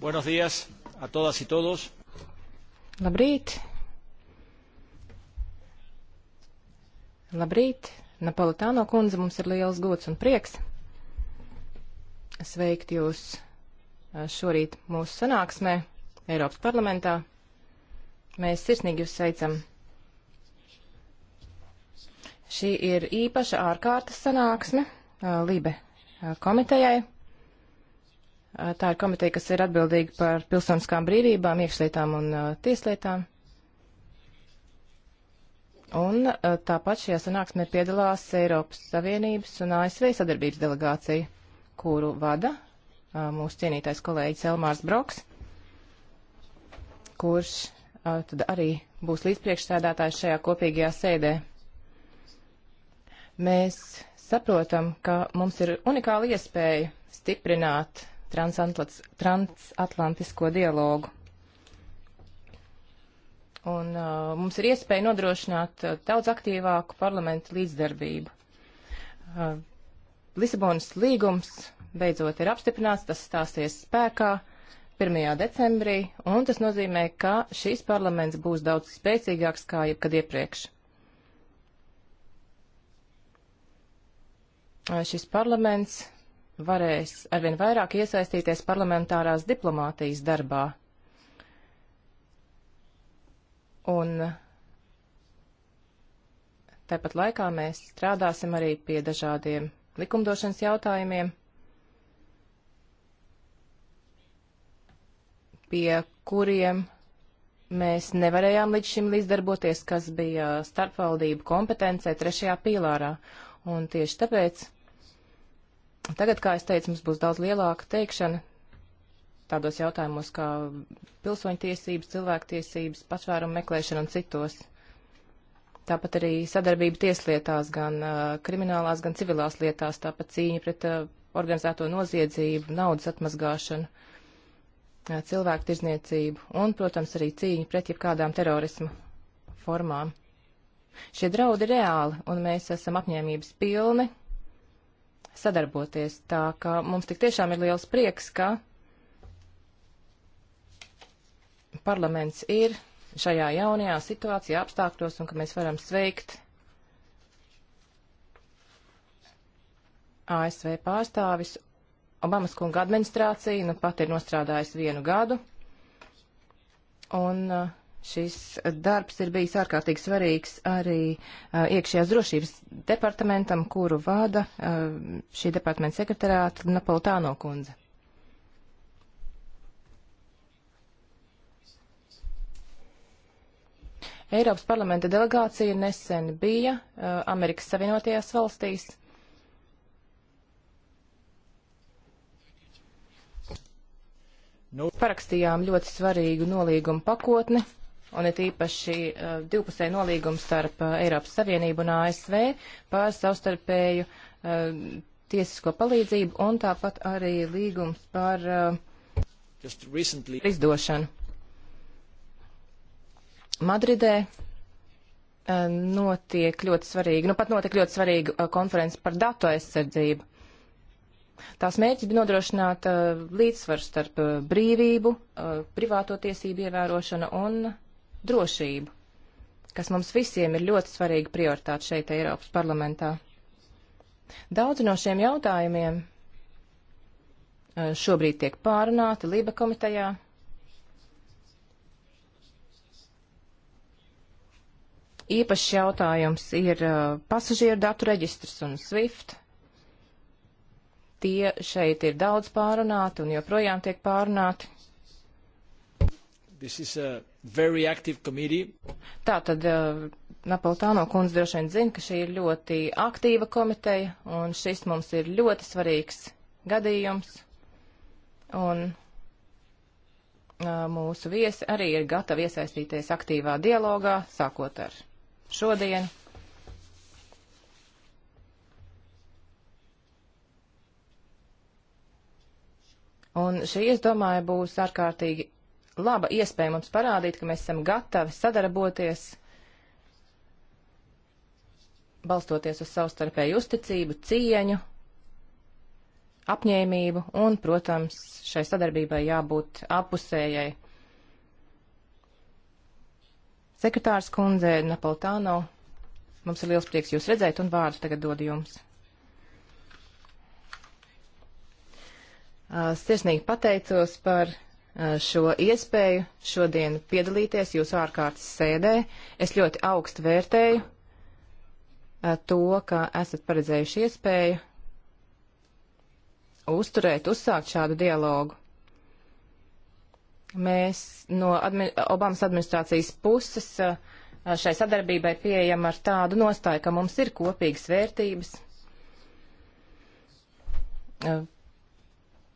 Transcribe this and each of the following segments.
Buenos días a todas y todos. Labrīt. Labrīt. Napolitāno kundze mums ir liels gods un prieks. Sveikt jūs eh, šorīt mūsu sanāksmē Eiropas parlamentā. Mēs sirsnīgi jūs sveicam. Šī ir īpaša ārkārtas sanāksme eh, Libe eh, komitejai. Tā ir komiteja, kas ir atbildīga par pilsoniskām brīvībām, iekšlietām un uh, tieslietām. Un uh, tāpat šajā sanāksmē piedalās Eiropas Savienības un ASV sadarbības delegācija, kuru vada uh, mūsu cienītais kolēģis Elmārs Broks, kurš tad arī būs līdzpriekšsēdētājs šajā kopīgajā sēdē. Mēs saprotam, ka mums ir unikāla iespēja stiprināt transatlantisko dialogu. Un uh, mums ir iespēja nodrošināt uh, daudz aktīvāku parlamentu līdzdarbību. Uh, Lisabonas līgums beidzot ir apstiprināts, tas stāsies spēkā 1. decembrī, un tas nozīmē, ka šīs parlaments būs daudz spēcīgāks kā jebkad iepriekš. Uh, šis parlaments varēs arvien vairāk iesaistīties parlamentārās diplomātijas darbā. Un tāpat laikā mēs strādāsim arī pie dažādiem likumdošanas jautājumiem, pie kuriem mēs nevarējām līdz šim līdzdarboties, kas bija starpvaldību kompetencē trešajā pīlārā. Un tieši tāpēc Tagad, kā es teicu, mums būs daudz lielāka teikšana tādos jautājumos kā pilsoņtiesības, cilvēktiesības, pašvērumu meklēšana un citos. Tāpat arī sadarbība tieslietās, gan uh, kriminālās, gan civilās lietās, tāpat cīņa pret uh, organizēto noziedzību, naudas atmazgāšanu, uh, cilvēku tirzniecību un, protams, arī cīņa pret jebkādām terorismu formām. Šie draudi ir reāli, un mēs esam apņēmības pilni sadarboties. Tā ka mums tik tiešām ir liels prieks, ka parlaments ir šajā jaunajā situācijā apstākļos un ka mēs varam sveikt ASV pārstāvis Obamas kunga administrācija, nu pat ir nostrādājis vienu gadu. Un uh, Šis darbs ir bijis ārkārtīgi svarīgs arī uh, iekšējās drošības departamentam, kuru vada uh, šī departamenta sekretariāta Napolitāno kundze. Eiropas parlamenta delegācija nesen bija uh, Amerikas Savienotajās valstīs. Nu. Parakstījām ļoti svarīgu nolīgumu pakotni un it īpaši uh, eh, divpusēja nolīguma starp uh, Eiropas Savienību un ASV par savstarpēju uh, tiesisko palīdzību un tāpat arī līgums par recently... izdošanu. Madridē notiek ļoti svarīga, nu pat notiek ļoti svarīga konference par datu aizsardzību. Tās mērķis bija nodrošināt līdzsvaru starp brīvību, privāto tiesību ievērošanu un drošību, kas mums visiem ir ļoti svarīga prioritāte šeit Eiropas parlamentā. Daudz no šiem jautājumiem eh, šobrīd tiek pārunāti Lība komitejā. Īpašs jautājums ir eh, pasažieru datu reģistrs un SWIFT. Tie šeit ir daudz pārunāti un joprojām tiek pārunāti. This is a very active committee. Tā tad uh, eh, Napolitāno kundze droši vien zina, ka šī ir ļoti aktīva komiteja, un šis mums ir ļoti svarīgs gadījums. Un uh, mūsu viesi arī ir gatavi iesaistīties aktīvā dialogā, sākot ar šodienu. Un šī, es domāju, būs ārkārtīgi laba iespēja mums parādīt, ka mēs esam gatavi sadarboties, balstoties uz savstarpēju uzticību, cieņu, apņēmību un, protams, šai sadarbībai jābūt apusējai. Sekretārs kundze Napolitāno, mums ir liels prieks jūs redzēt un vārdu tagad dodu jums. Sirsnīgi pateicos par Eh, šo iespēju šodien piedalīties jūsu ārkārtas sēdē. Es ļoti augstu vērtēju eh, to, ka esat paredzējuši iespēju uzturēt, uzsākt šādu dialogu. Mēs no admi Obamas administrācijas puses eh, šai sadarbībai pieejam ar tādu nostāju, ka mums ir kopīgas vērtības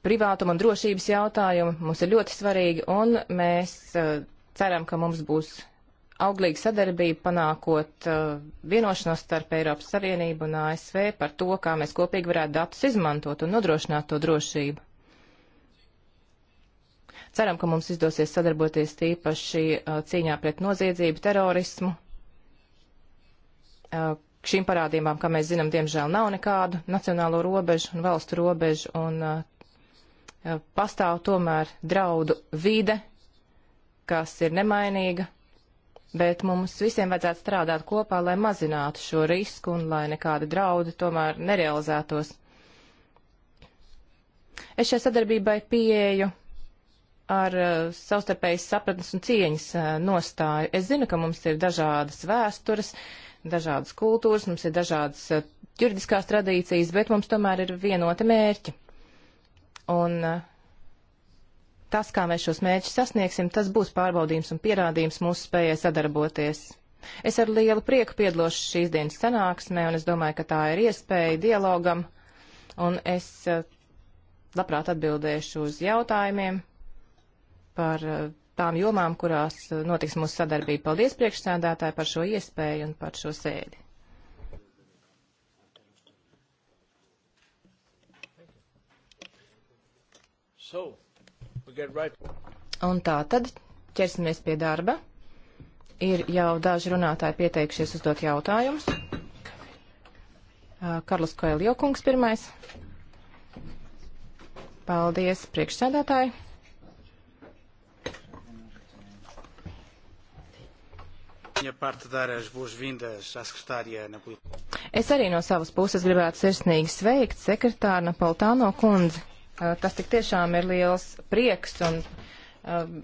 privātuma un drošības jautājumi mums ir ļoti svarīgi, un mēs eh, ceram, ka mums būs auglīga sadarbība panākot eh, vienošanos starp Eiropas Savienību un ASV par to, kā mēs kopīgi varētu datus izmantot un nodrošināt to drošību. Ceram, ka mums izdosies sadarboties tīpaši eh, cīņā pret noziedzību, terorismu. Šīm parādībām, kā mēs zinām, diemžēl nav nekādu nacionālo robežu un valstu robežu, un Eh, pastāv tomēr draudu vide, kas ir nemainīga, bet mums visiem vajadzētu strādāt kopā, lai mazinātu šo risku un lai nekāda draudi tomēr nerealizētos. Es šai sadarbībai pieeju ar uh, savstarpējas sapratnes un cieņas uh, nostāju. Es zinu, ka mums ir dažādas vēstures, dažādas kultūras, mums ir dažādas uh, juridiskās tradīcijas, bet mums tomēr ir vienota mērķi. Un eh, tas, kā mēs šos mērķus sasniegsim, tas būs pārbaudījums un pierādījums mūsu spējai sadarboties. Es ar lielu prieku piedalos šīs dienas sanāksmē, un es domāju, ka tā ir iespēja dialogam, un es eh, labprāt atbildēšu uz jautājumiem par eh, tām jomām, kurās notiks mūsu sadarbība. Paldies priekšsēdētāji par šo iespēju un par šo sēdi. So, right. Un tā tad ķersimies pie darba. Ir jau daži runātāji pieteikušies uzdot jautājumus. Karls Koeljo kungs pirmais. Paldies, priekšsēdētāji. Es arī no savas puses gribētu sirsnīgi sveikt sekretāru Napolitāno kundzi. Eh, tas tik tiešām ir liels prieks un eh,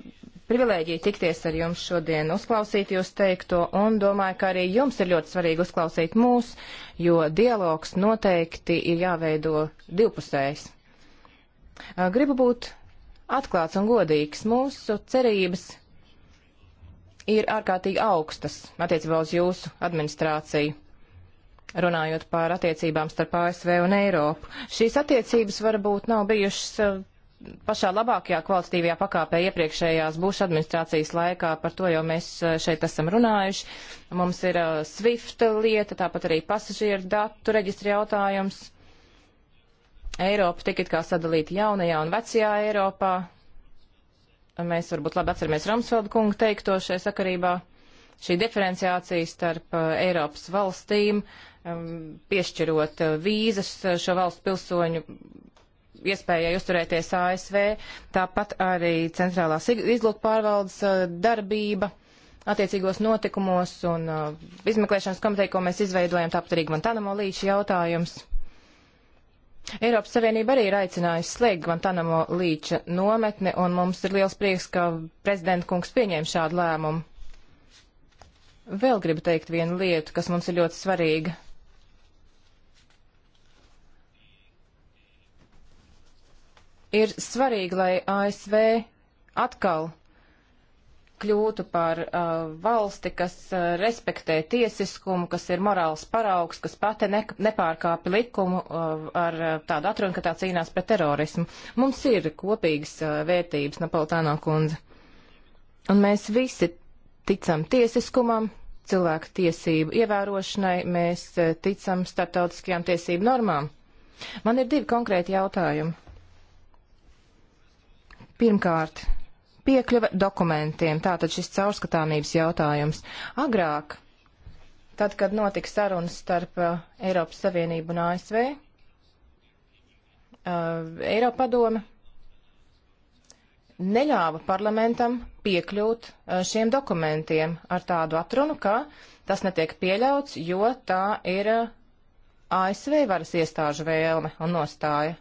privilēģija tikties ar jums šodien, uzklausīt jūs teikto, un domāju, ka arī jums ir ļoti svarīgi uzklausīt mūs, jo dialogs noteikti ir jāveido divpusējs. Eh, gribu būt atklāts un godīgs. Mūsu cerības ir ārkārtīgi augstas attiecībā uz jūsu administrāciju runājot par attiecībām starp ASV un Eiropu. Šīs attiecības varbūt nav bijušas eh, pašā labākajā kvalitatīvajā pakāpē iepriekšējās Buša administrācijas laikā, par to jau mēs eh, šeit esam runājuši. Mums ir uh, SWIFT lieta, tāpat arī pasažieru datu reģistra jautājums. Eiropa tik it kā sadalīta jaunajā un vecajā Eiropā. Mēs varbūt labi atceramies Ramsfeldu kungu teikto šajā sakarībā. Uh, šī diferenciācija starp uh, Eiropas valstīm, um, piešķirot uh, vīzas uh, šo valstu pilsoņu iespējai uzturēties ASV, tāpat arī centrālās izlūk pārvaldes darbība attiecīgos notikumos un izmeklēšanas komiteja, ko mēs izveidojam, tāpat arī Guantanamo līča jautājums. Eiropas Savienība arī ir aicinājusi slēgt Guantanamo līča nometni, un mums ir liels prieks, ka prezidenta kungs pieņēma šādu lēmumu. Vēl gribu teikt vienu lietu, kas mums ir ļoti svarīga. Ir svarīgi, lai ASV atkal kļūtu par uh, valsti, kas uh, respektē tiesiskumu, kas ir morāls paraugs, kas pati ne, nepārkāpi likumu uh, ar uh, tādu atrunu, ka tā cīnās pret terorismu. Mums ir kopīgas uh, vērtības, Napolitāno kundze. Un mēs visi ticam tiesiskumam, cilvēku tiesību ievērošanai, mēs e, ticam starptautiskajām tiesību normām. Man ir divi konkrēti jautājumi. Pirmkārt, piekļuve dokumentiem, tātad šis caurskatāmības jautājums. Agrāk, tad, kad notika sarunas starp uh, Eiropas Savienību un ASV, uh, e, Eiropa padome neļāva parlamentam piekļūt šiem dokumentiem ar tādu atrunu, ka tas netiek pieļauts, jo tā ir ASV varas iestāžu vēlme un nostāja.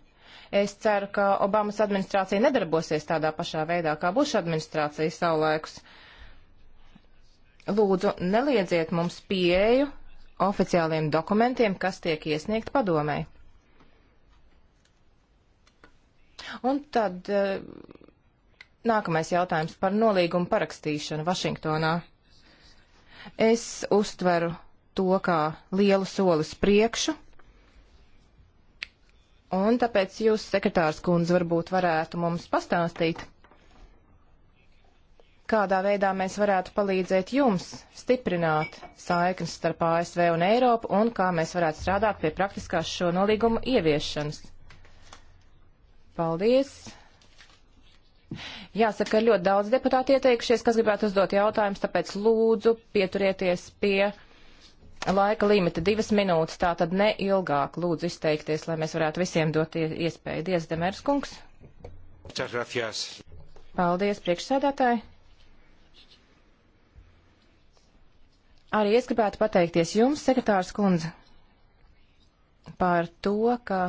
Es ceru, ka Obamas administrācija nedarbosies tādā pašā veidā, kā Buša administrācija savulaikus. Lūdzu, neliedziet mums pieeju oficiāliem dokumentiem, kas tiek iesniegt padomē. Un tad uh, Nākamais jautājums par nolīgumu parakstīšanu Vašingtonā. Es uztveru to kā lielu soli uz priekšu, un tāpēc jūs, sekretārs kundze, varbūt varētu mums pastāstīt, kādā veidā mēs varētu palīdzēt jums stiprināt saiknes starp ASV un Eiropu un kā mēs varētu strādāt pie praktiskās šo nolīgumu ieviešanas. Paldies! Jāsaka, ļoti daudz deputāti ieteikušies, kas gribētu uzdot jautājumus, tāpēc lūdzu pieturieties pie laika limita divas minūtes, tā tad neilgāk lūdzu izteikties, lai mēs varētu visiem dot iespēju. Diez Demers kungs. Paldies, priekšsēdētāji. Arī es gribētu pateikties jums, sekretārs kundze, par to, ka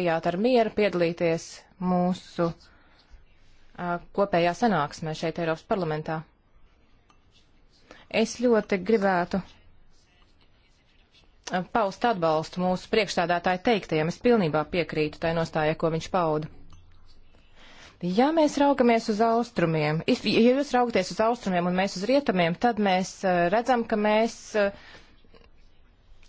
bijāt ar mieru piedalīties mūsu kopējā sanāksmē šeit Eiropas parlamentā. Es ļoti gribētu paust atbalstu mūsu priekšstādātāju teiktajam. Es pilnībā piekrītu tai nostājai, ko viņš pauda. Ja mēs raugamies uz austrumiem, if, ja jūs raugaties uz austrumiem un mēs uz rietumiem, tad mēs redzam, ka mēs uh,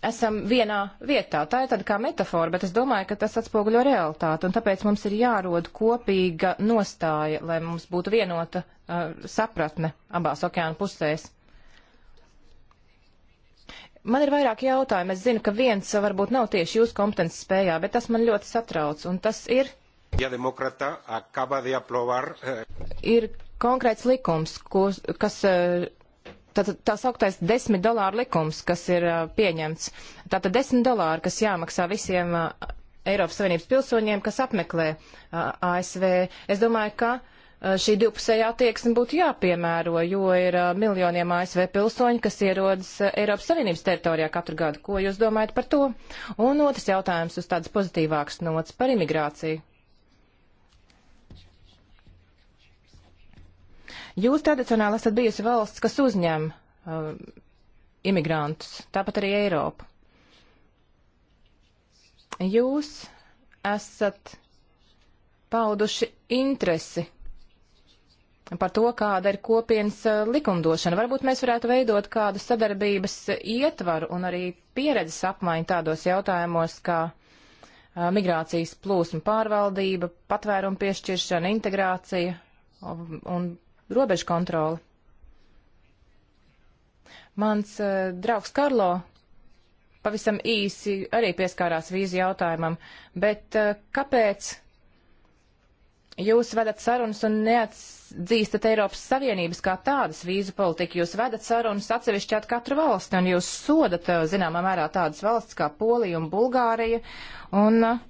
esam vienā vietā. Tā ir tāda kā metafora, bet es domāju, ka tas atspoguļo realitāti, un tāpēc mums ir jārod kopīga nostāja, lai mums būtu vienota uh, sapratne abās okeāna pusēs. Man ir vairāk jautājumu. Es zinu, ka viens varbūt nav tieši jūsu kompetences spējā, bet tas man ļoti satrauc, un tas ir. Ja eh, ir konkrēts likums, ko, kas. Uh, tātad tā sauktais desmit dolāru likums, kas ir pieņemts. Tātad desmit dolāri, kas jāmaksā visiem Eiropas Savienības pilsoņiem, kas apmeklē ASV. Es domāju, ka šī divpusējā attieksme būtu jāpiemēro, jo ir miljoniem ASV pilsoņi, kas ierodas Eiropas Savienības teritorijā katru gadu. Ko jūs domājat par to? Un otrs jautājums uz tādas pozitīvākas nots par imigrāciju. Jūs tradicionāli esat bijusi valsts, kas uzņem uh, imigrantus, tāpat arī Eiropa. Jūs esat pauduši interesi par to, kāda ir kopienas uh, likumdošana. Varbūt mēs varētu veidot kādu sadarbības ietvaru un arī pieredzes apmaiņu tādos jautājumos, kā a, uh, migrācijas plūsma pārvaldība, patvērumu piešķiršana, integrācija um, un, un robežu kontroli. Mans uh, draugs Karlo pavisam īsi arī pieskārās vīzu jautājumam, bet uh, kāpēc jūs vedat sarunas un neatdzīstat Eiropas Savienības kā tādas vīzu politiku? Jūs vedat sarunas atsevišķi ar katru valsti un jūs sodat, uh, zināmā mērā, tādas valsts kā Polija un Bulgārija. Un, uh,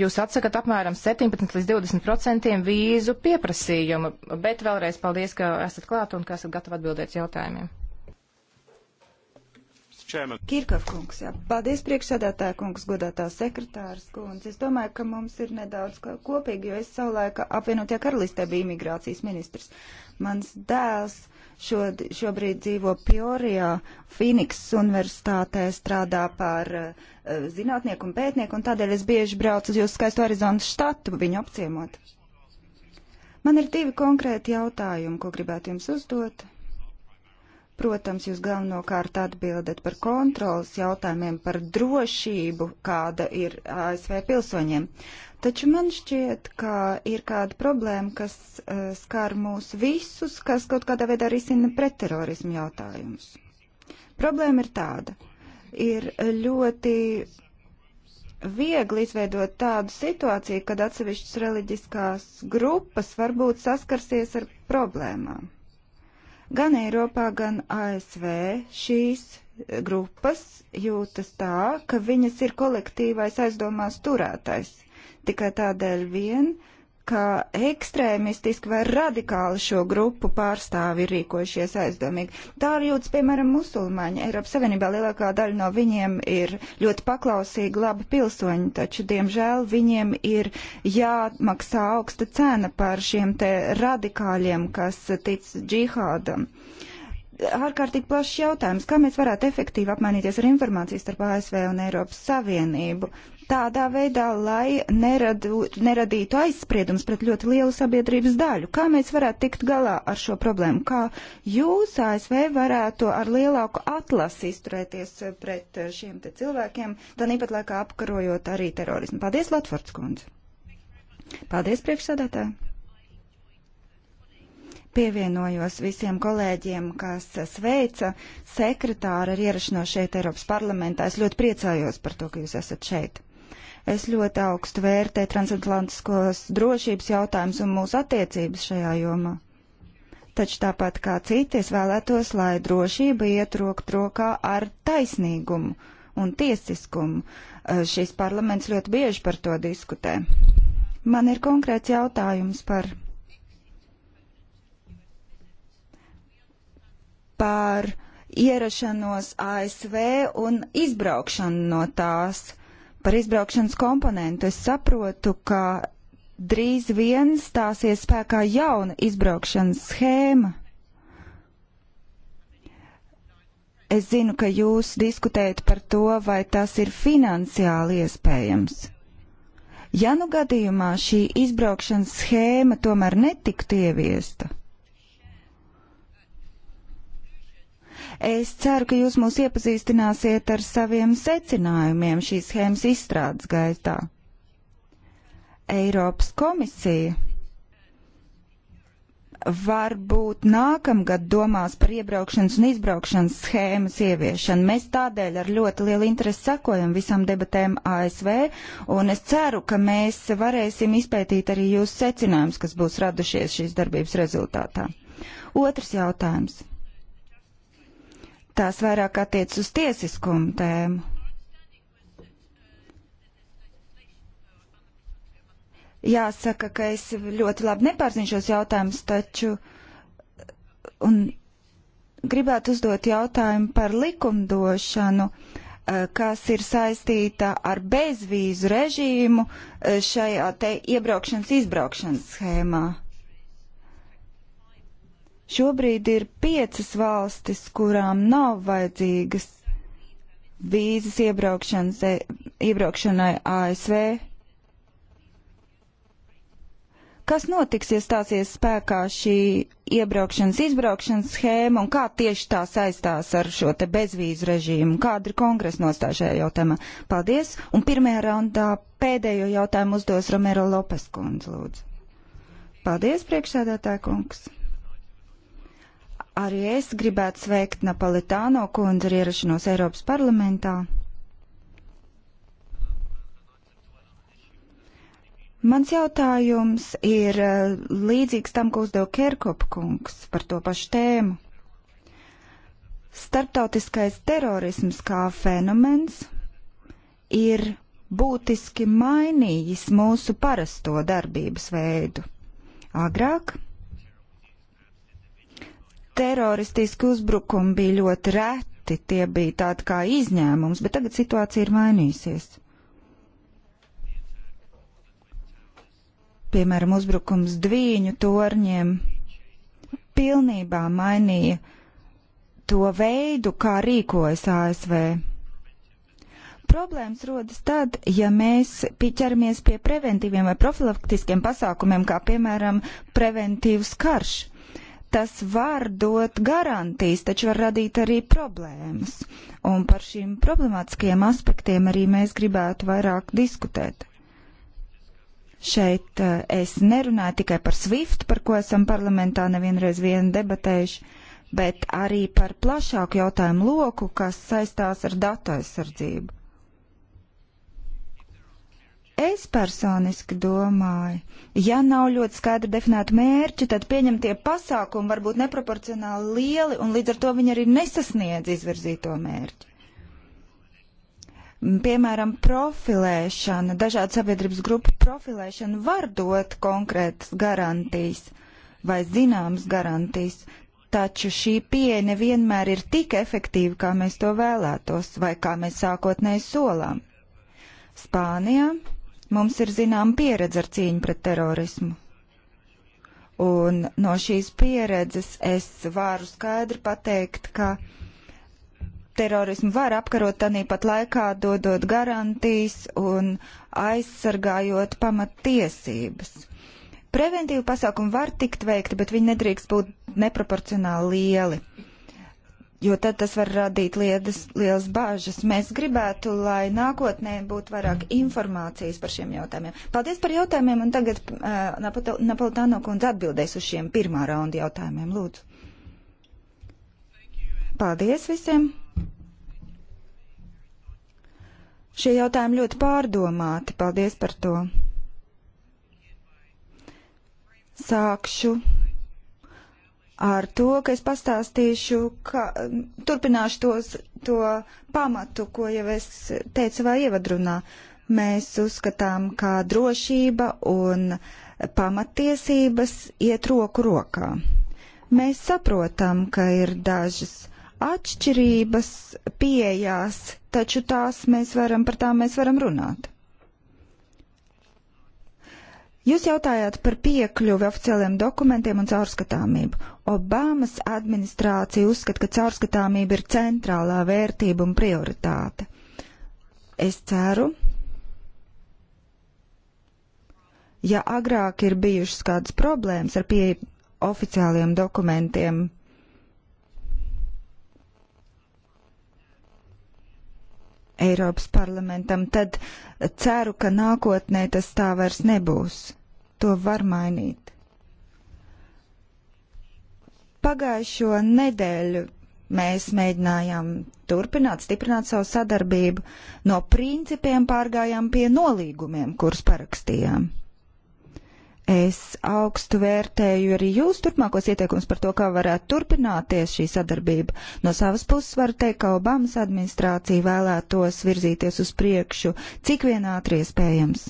jūs atsakat apmēram 17 līdz 20 procentiem vīzu pieprasījumu, bet vēlreiz paldies, ka esat klāt un ka esat gatavi atbildēt jautājumiem. Kirkov kungs, jā. Paldies priekšsēdētāja kungs, godātā sekretārs kungs. Es domāju, ka mums ir nedaudz kopīgi, jo es savulaika apvienotie karalistē biju imigrācijas ministrs. Mans dēls. Uh, šo, šobrīd dzīvo Piorijā, Fīniksas universitātē, strādā par uh, zinātnieku un pētnieku, un tādēļ es bieži braucu uz jūsu skaisto Arizonas štatu viņu apciemot. Man ir divi konkrēti jautājumi, ko gribētu jums uzdot. Protams, jūs galvenokārt atbildat par kontrolas jautājumiem, par drošību, kāda ir ASV pilsoņiem. Taču man šķiet, ka ir kāda problēma, kas uh, skar mūs visus, kas kaut kādā veidā risina pretterorismu jautājumus. Problēma ir tāda. Ir ļoti viegli izveidot tādu situāciju, kad atsevišķas reliģiskās grupas varbūt saskarsies ar problēmām Gan Eiropā, gan ASV šīs eh, grupas jūtas tā, ka viņas ir kolektīvais aizdomās turētais. Tikai tādēļ vien, ka ekstrēmistiski vai radikāli šo grupu pārstāvi ir rīkojušies aizdomīgi. Tā ir jūtas, piemēram, musulmaņi. Eiropas Savienībā lielākā daļa no viņiem ir ļoti paklausīgi, labi pilsoņi, taču, diemžēl, viņiem ir jāmaksā augsta cena par šiem te radikāļiem, kas tic džihādam. Ārkārtīgi plašs jautājums, kā mēs varētu efektīvi apmainīties ar informāciju starp ASV un Eiropas Savienību, tādā veidā, lai neradu, neradītu aizspriedums pret ļoti lielu sabiedrības daļu. Kā mēs varētu tikt galā ar šo problēmu? Kā jūs ASV varētu ar lielāku atlasi izturēties pret šiem te cilvēkiem, tad īpat laikā apkarojot arī terorismu? Paldies, Latvords kundze! Paldies, priekšsādātāji! pievienojos visiem kolēģiem, kas sveica sekretāru ar ierašanos šeit Eiropas parlamentā. Es ļoti priecājos par to, ka jūs esat šeit. Es ļoti augstu vērtēju transatlantiskos drošības jautājumus un mūsu attiecības šajā jomā. Taču tāpat kā citi, es vēlētos, lai drošība iet roku rokā ar taisnīgumu un tiesiskumu. Šis parlaments ļoti bieži par to diskutē. Man ir konkrēts jautājums par par ierašanos ASV un izbraukšanu no tās. Par izbraukšanas komponentu es saprotu, ka drīz vien stāsies spēkā jauna izbraukšanas schēma. Es zinu, ka jūs diskutējat par to, vai tas ir finansiāli iespējams. Ja nu gadījumā šī izbraukšanas schēma tomēr netiktu ieviesta, Es ceru, ka jūs mūs iepazīstināsiet ar saviem secinājumiem šīs schēmas izstrādes gaitā. Eiropas komisija varbūt nākamgad domās par iebraukšanas un izbraukšanas schēmas ieviešanu. Mēs tādēļ ar ļoti lielu interesi sekojam visām debatēm ASV, un es ceru, ka mēs varēsim izpētīt arī jūsu secinājumus, kas būs radušies šīs darbības rezultātā. Otrs jautājums. Tās vairāk attiec uz tiesiskumu tēmu. Jāsaka, ka es ļoti labi nepārzinu šos jautājumus, taču un gribētu uzdot jautājumu par likumdošanu, eh, kas ir saistīta ar bezvīzu režīmu eh, šajā te iebraukšanas izbraukšanas schēmā. Šobrīd ir piecas valstis, kurām nav vajadzīgas vīzas e, iebraukšanai ASV. Kas notiks, ja stāsies spēkā šī iebraukšanas izbraukšanas schēma un kā tieši tā saistās ar šo te bezvīzu režīmu? Kāda ir kongresa nostāja šajā jautājumā? Paldies! Un pirmajā raundā pēdējo jautājumu uzdos Romero Lopes kundze, lūdzu. Paldies, priekšsēdētāja kungs! Arī es gribētu sveikt Napolitāno kundzi ar ierašanos Eiropas parlamentā. Mans jautājums ir eh, līdzīgs tam, ko uzdeva Kerkop kungs par to pašu tēmu. Startautiskais terorisms kā fenomens ir būtiski mainījis mūsu parasto darbības veidu. Agrāk teroristiski uzbrukumi bija ļoti reti, tie bija tādi kā izņēmums, bet tagad situācija ir mainīsies. Piemēram, uzbrukums dviņu torņiem pilnībā mainīja to veidu, kā rīkojas ASV. Problēmas rodas tad, ja mēs pieķeramies pie preventīviem vai profilaktiskiem pasākumiem, kā piemēram preventīvs karš tas var dot garantijas, taču var radīt arī problēmas. Un par šīm problemātiskajiem aspektiem arī mēs gribētu vairāk diskutēt. Šeit eh, es nerunāju tikai par SWIFT, par ko esam parlamentā nevienreiz vien debatējuši, bet arī par plašāku jautājumu loku, kas saistās ar datu aizsardzību. Es personiski domāju, ja nav ļoti skaidri definēta mērķi, tad pieņemtie pasākumi var būt neproporcionāli lieli, un līdz ar to viņi arī nesasniedz izvirzīto mērķi. Piemēram, profilēšana, dažādu sabiedrības grupu profilēšana var dot konkrētas garantijas vai zināmas garantijas, taču šī pieeja nevienmēr ir tik efektīva, kā mēs to vēlētos vai kā mēs sākotnēji solām. Spānijā Mums ir zinām pieredze ar cīņu pret terorismu. Un no šīs pieredzes es varu skaidri pateikt, ka terorismu var apkarot tādā pat laikā, dodot garantijas un aizsargājot pamattiesības. Preventīvu pasākumu var tikt veikti, bet viņi nedrīkst būt neproporcionāli lieli jo tad tas var radīt liedas, liels bāžas. Mēs gribētu, lai nākotnē būtu vairāk informācijas par šiem jautājumiem. Paldies par jautājumiem, un tagad uh, Napolitāno kundze atbildēs uz šiem pirmā raunda jautājumiem. Lūdzu. Paldies visiem! Šie jautājumi ļoti pārdomāti. Paldies par to. Sākšu ar to, ka es pastāstīšu, ka turpināšu tos, to pamatu, ko jau es teicu vai ievadrunā. Mēs uzskatām, ka drošība un pamatiesības iet roku rokā. Mēs saprotam, ka ir dažas atšķirības pieejās, taču tās mēs varam, par tām mēs varam runāt. Jūs jautājāt par piekļuvi oficiāliem dokumentiem un caurskatāmību. Obamas administrācija uzskata, ka caurskatāmība ir centrālā vērtība un prioritāte. Es ceru, ja agrāk ir bijušas kādas problēmas ar pieeju oficiāliem dokumentiem Eiropas parlamentam, tad ceru, ka nākotnē tas tā vairs nebūs. To var mainīt. Pagājušo nedēļu mēs mēģinājām turpināt, stiprināt savu sadarbību, no principiem pārgājām pie nolīgumiem, kurus parakstījām. Es augstu vērtēju arī jūs turpmākos ieteikums par to, kā varētu turpināties šī sadarbība. No savas puses var teikt, ka Obamas administrācija vēlētos virzīties uz priekšu, cik vien ātri iespējams.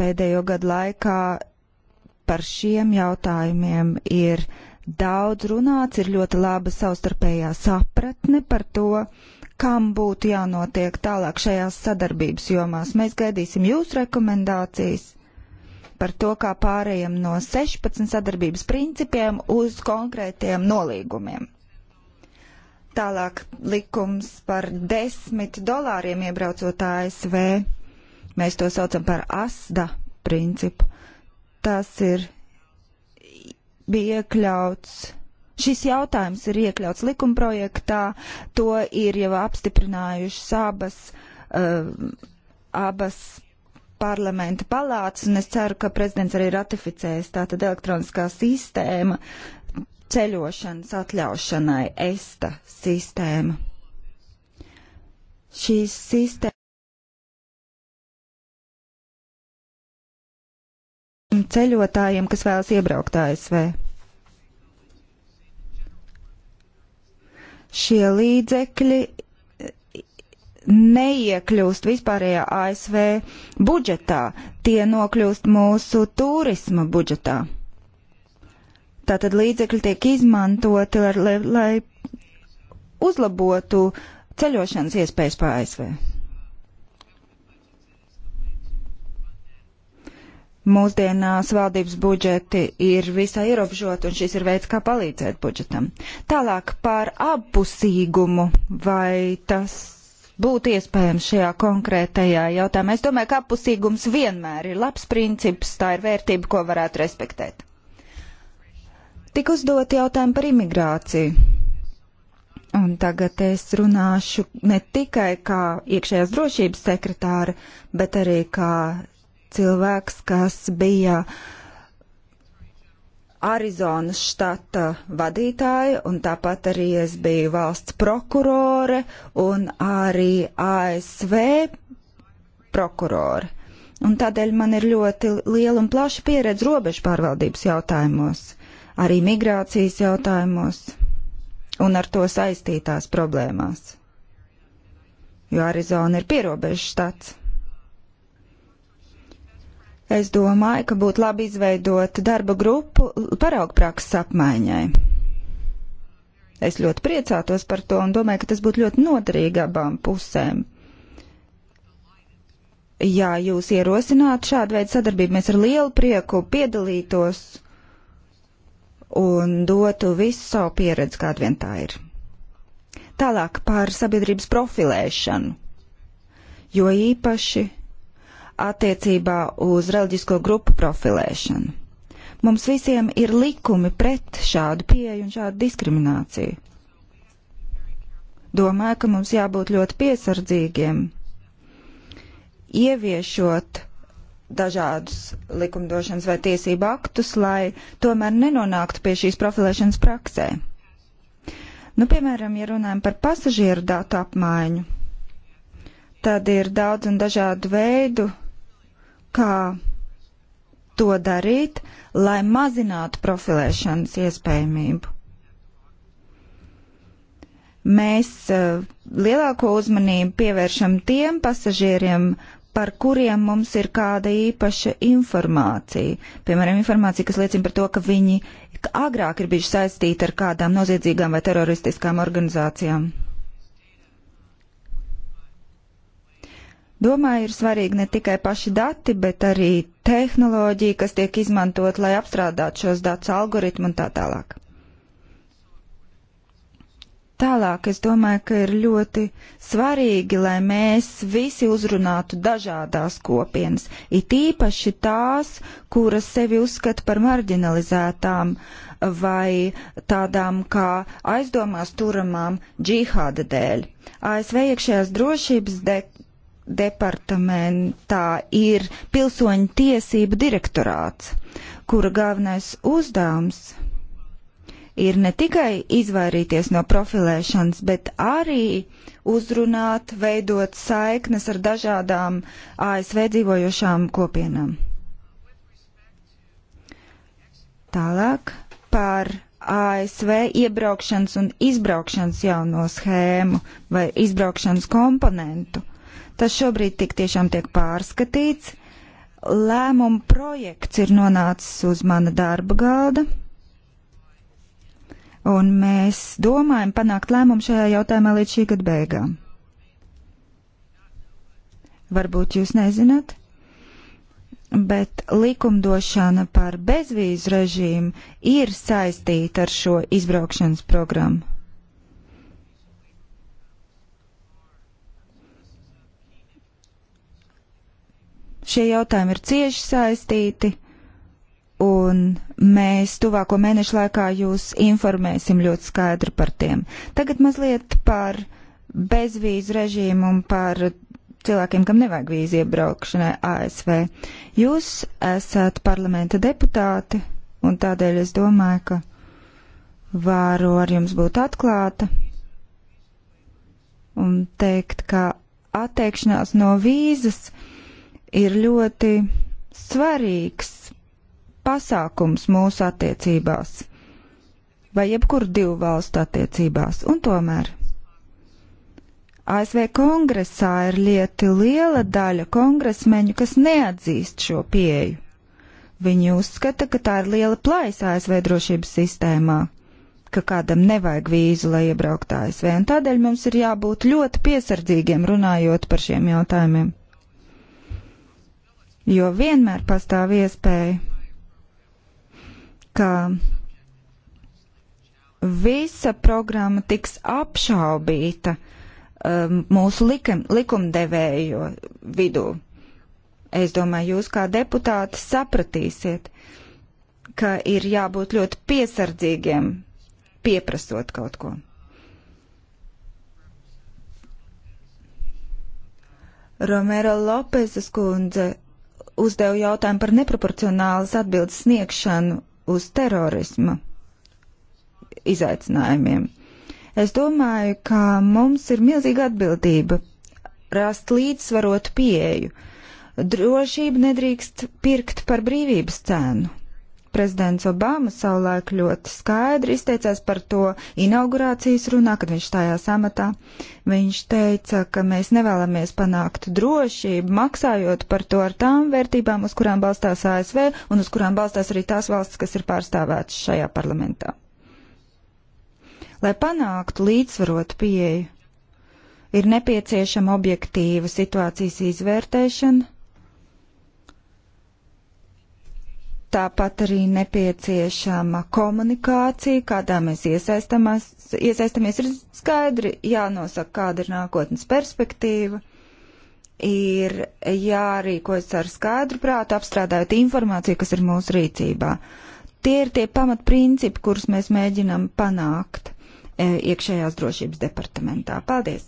Pēdējo gadu laikā par šiem jautājumiem ir daudz runāts, ir ļoti laba savstarpējā sapratne par to, kam būtu jānotiek tālāk šajās sadarbības jomās. Mēs gaidīsim jūsu rekomendācijas par to, kā pārējiem no 16 sadarbības principiem uz konkrētiem nolīgumiem. Tālāk likums par 10 dolāriem iebraucot ASV. Mēs to saucam par ASDA principu. Tas ir bija iekļauts Šis jautājums ir iekļauts likumprojektā, to ir jau apstiprinājušas abas, uh, abas parlamenta palātas, un es ceru, ka prezidents arī ratificēs tātad elektroniskā sistēma ceļošanas atļaušanai, ESTA sistēma. Šī sistēma. ceļotājiem, kas vēlas iebraukt ASV. Šie līdzekļi neiekļūst vispārējā ASV budžetā, tie nokļūst mūsu turisma budžetā. Tātad līdzekļi tiek izmantoti, lai, lai uzlabotu ceļošanas iespējas pa ASV. Mūsdienās valdības budžeti ir visai ierobežoti, un šis ir veids, kā palīdzēt budžetam. Tālāk par apusīgumu, vai tas būtu iespējams šajā konkrētajā jautājumā. Es domāju, ka apusīgums vienmēr ir labs princips, tā ir vērtība, ko varētu respektēt. Tik uzdot jautājumu par imigrāciju. Un tagad es runāšu ne tikai kā iekšējās drošības sekretāra, bet arī kā cilvēks, kas bija uh, Arizonas štata vadītāja, un tāpat arī es biju valsts prokurore un arī ASV prokurore. Un tādēļ man ir ļoti liela un plaša pieredze robežu pārvaldības jautājumos, arī migrācijas jautājumos un ar to saistītās problēmās. Jo Arizona ir pierobežu štats. Es domāju, ka būtu labi izveidot darba grupu paraugprakses apmaiņai. Es ļoti priecātos par to un domāju, ka tas būtu ļoti noderīgi abām pusēm. Ja jūs ierosinātu šādu veidu sadarbību, mēs ar lielu prieku piedalītos un dotu visu savu pieredzi, kāda vien tā ir. Tālāk par sabiedrības profilēšanu, jo īpaši attiecībā uz reliģisko grupu profilēšanu. Mums visiem ir likumi pret šādu pieeju un šādu diskrimināciju. Domāju, ka mums jābūt ļoti piesardzīgiem, ieviešot dažādus likumdošanas vai tiesību aktus, lai tomēr nenonāktu pie šīs profilēšanas praksē. Nu, piemēram, ja runājam par pasažieru datu apmaiņu, tad ir daudz un dažādu veidu kā to darīt, lai mazinātu profilēšanas iespējamību. Mēs uh, lielāko uzmanību pievēršam tiem pasažieriem, par kuriem mums ir kāda īpaša informācija. Piemēram, informācija, kas liecina par to, ka viņi agrāk ir bijuši saistīti ar kādām noziedzīgām vai teroristiskām organizācijām. Domāju, ir svarīgi ne tikai paši dati, bet arī tehnoloģija, kas tiek izmantot, lai apstrādātu šos datus algoritmu un tā tālāk. Tālāk es domāju, ka ir ļoti svarīgi, lai mēs visi uzrunātu dažādās kopienas, it īpaši tās, kuras sevi uzskata par marginalizētām vai tādām kā aizdomās turamām džihāda dēļ. ASV iekšējās drošības departamentā ir pilsoņu tiesību direktorāts, kura galvenais uzdevums ir ne tikai izvairīties no profilēšanas, bet arī uzrunāt, veidot saiknes ar dažādām ASV dzīvojošām kopienām. Tālāk par ASV iebraukšanas un izbraukšanas jauno schēmu vai izbraukšanas komponentu Tas šobrīd tik tiešām tiek pārskatīts. Lēmuma projekts ir nonācis uz mana darba galda. Un mēs domājam panākt lēmumu šajā jautājumā līdz šī gada beigām. Varbūt jūs nezināt, bet likumdošana par bezvīzu režīmu ir saistīta ar šo izbraukšanas programmu. Šie jautājumi ir cieši saistīti, un mēs tuvāko mēnešu laikā jūs informēsim ļoti skaidri par tiem. Tagad mazliet par bezvīzu režīmu un par cilvēkiem, kam nevajag vīzi iebraukšanai ASV. Jūs esat parlamenta deputāti, un tādēļ es domāju, ka varu ar jums būt atklāta un teikt, ka atteikšanās no vīzas ir ļoti svarīgs pasākums mūsu attiecībās vai jebkuru divu valstu attiecībās, un tomēr ASV kongresā ir lieti liela daļa kongresmeņu, kas neatzīst šo pieeju. Viņi uzskata, ka tā ir liela plaisa ASV drošības sistēmā, ka kādam nevajag vīzu, lai iebrauktu ASV, un tādēļ mums ir jābūt ļoti piesardzīgiem runājot par šiem jautājumiem jo vienmēr pastāv iespēja, ka visa programma tiks apšaubīta um, mūsu likum, likumdevēju vidū. Es domāju, jūs kā deputāti sapratīsiet, ka ir jābūt ļoti piesardzīgiem pieprasot kaut ko. Romero Lopezes kundze uzdevu jautājumu par neproporcionālas atbildes sniegšanu uz terorisma izaicinājumiem. Es domāju, ka mums ir milzīga atbildība rast līdzsvarot pieeju. Drošību nedrīkst pirkt par brīvības cēnu. Prezidents Obama savulaik ļoti skaidri izteicās par to inaugurācijas runā, kad viņš stājās amatā. Viņš teica, ka mēs nevēlamies panākt drošību, maksājot par to ar tām vērtībām, uz kurām balstās ASV un uz kurām balstās arī tās valstis, kas ir pārstāvētas šajā parlamentā. Lai panāktu līdzsvarotu pieeju, ir nepieciešama objektīva situācijas izvērtēšana Tāpat arī nepieciešama komunikācija, kādā mēs iesaistamies, ir skaidri jānosaka, kāda ir nākotnes perspektīva. Ir jārīkojas ar skaidru prātu, apstrādājot informāciju, kas ir mūsu rīcībā. Tie ir tie pamatprincipi, kurus mēs mēģinam panākt e, iekšējās drošības departamentā. Paldies!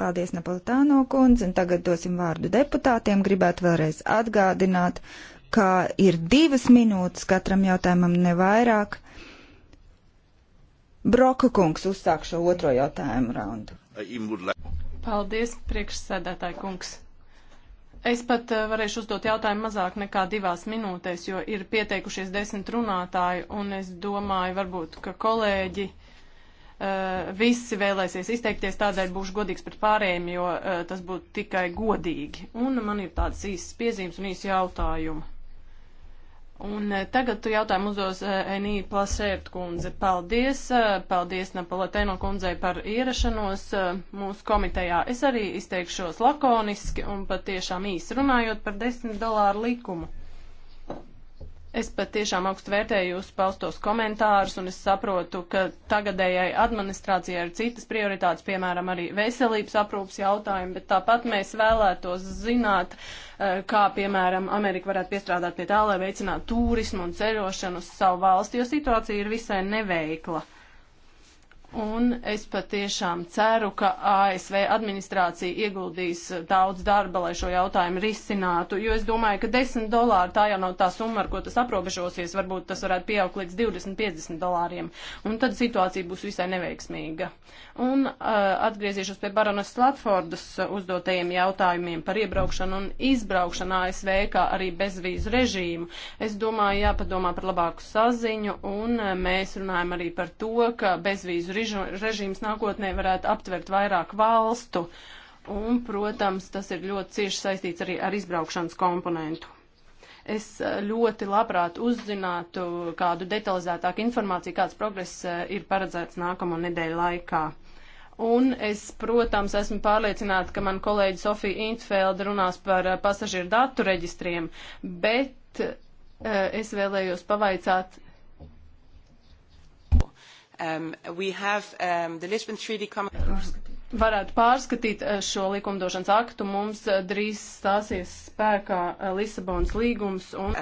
Paldies, Napolitāno kundze, un tagad dosim vārdu deputātiem. Gribētu vēlreiz atgādināt, ka ir divas minūtes katram jautājumam, ne vairāk. Broka kungs uzsāk šo otro jautājumu raundu. Paldies, priekšsēdētāji kungs. Es pat eh, varēšu uzdot jautājumu mazāk nekā divās minūtēs, jo ir pieteikušies desmit runātāji, un es domāju, varbūt, ka kolēģi uh, visi vēlēsies izteikties, tādēļ būšu godīgs pret pārējiem, jo uh, tas būtu tikai godīgi. Un man ir tādas īsas piezīmes un īsi jautājumi. Un eh, tagad tu jautājumu uzdos eh, Enī Plasērt kundze. Paldies, eh, paldies Napoletēno kundzei par ierašanos mūsu komitejā. Es arī izteikšos lakoniski un patiešām īsi runājot par desmit dolāru likumu. Es patiešām augstu vērtēju jūsu paustos komentārus, un es saprotu, ka tagadējai administrācijai ir citas prioritātes, piemēram, arī veselības aprūpas jautājumi, bet tāpat mēs vēlētos zināt, eh, kā, piemēram, Amerika varētu piestrādāt pie tā, lai veicinātu turismu un ceļošanu uz savu valsti, jo situācija ir visai neveikla. Uh, Un es patiešām ceru, ka ASV administrācija ieguldīs daudz darba, lai šo jautājumu risinātu, jo es domāju, ka 10 dolāri tā jau nav tā summa, ar ko tas aprobežosies, varbūt tas varētu pieaugt līdz 20-50 dolāriem, un tad situācija būs visai neveiksmīga. Un uh, atgriezīšos pie Baronas Latfordas uzdotajiem jautājumiem par iebraukšanu un izbraukšanu ASV, kā arī bezvīzu režīmu. Es domāju, jāpadomā par labāku saziņu, un uh, mēs runājam arī par to, ka bezvīzu režīmu režīms nākotnē varētu aptvert vairāk valstu. Un, protams, tas ir ļoti cieši saistīts arī ar izbraukšanas komponentu es eh, ļoti labprāt uzzinātu kādu detalizētāku informāciju, kāds progress eh, ir paredzēts nākamo nedēļu laikā. Un es, protams, esmu pārliecināta, ka man kolēģi Sofija Intfelda runās par eh, pasažieru datu reģistriem, bet es vēlējos pavaicāt, Um, we have um, the Lisbon Treaty coming. Varētu pārskatīt uh, šo likumdošanas aktu. Mums uh, drīz stāsies spēkā uh, Lisabonas līgums. Un...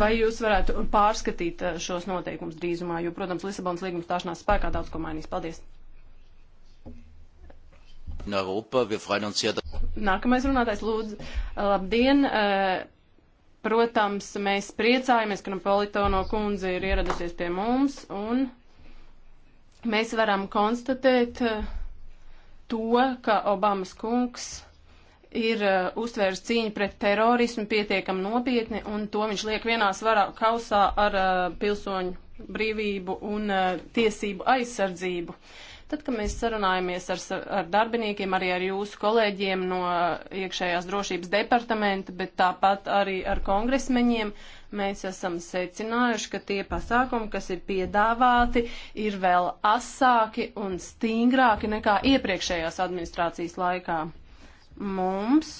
Vai jūs varētu pārskatīt šos noteikumus drīzumā, jo, protams, Lisabonas līgums stāšanās spēkā daudz ko mainīs. Paldies! Nākamais runātais lūdzu. Labdien! Uh, Protams, mēs priecājamies, ka Napolitāno nu kundze ir ieradusies pie mums, un mēs varam konstatēt eh, to, ka Obamas kungs ir eh, uztvērs cīņu pret terorismu pietiekam nopietni, un to viņš liek vienā svarā kausā ar eh, pilsoņu brīvību un tiesību aizsardzību. Uh, Tad, kad mēs sarunājamies ar, ar darbiniekiem, arī ar jūsu kolēģiem no iekšējās drošības departamenta, bet tāpat arī ar kongresmeņiem, mēs esam secinājuši, ka tie pasākumi, kas ir piedāvāti, ir vēl asāki un stingrāki nekā iepriekšējās administrācijas laikā. Mums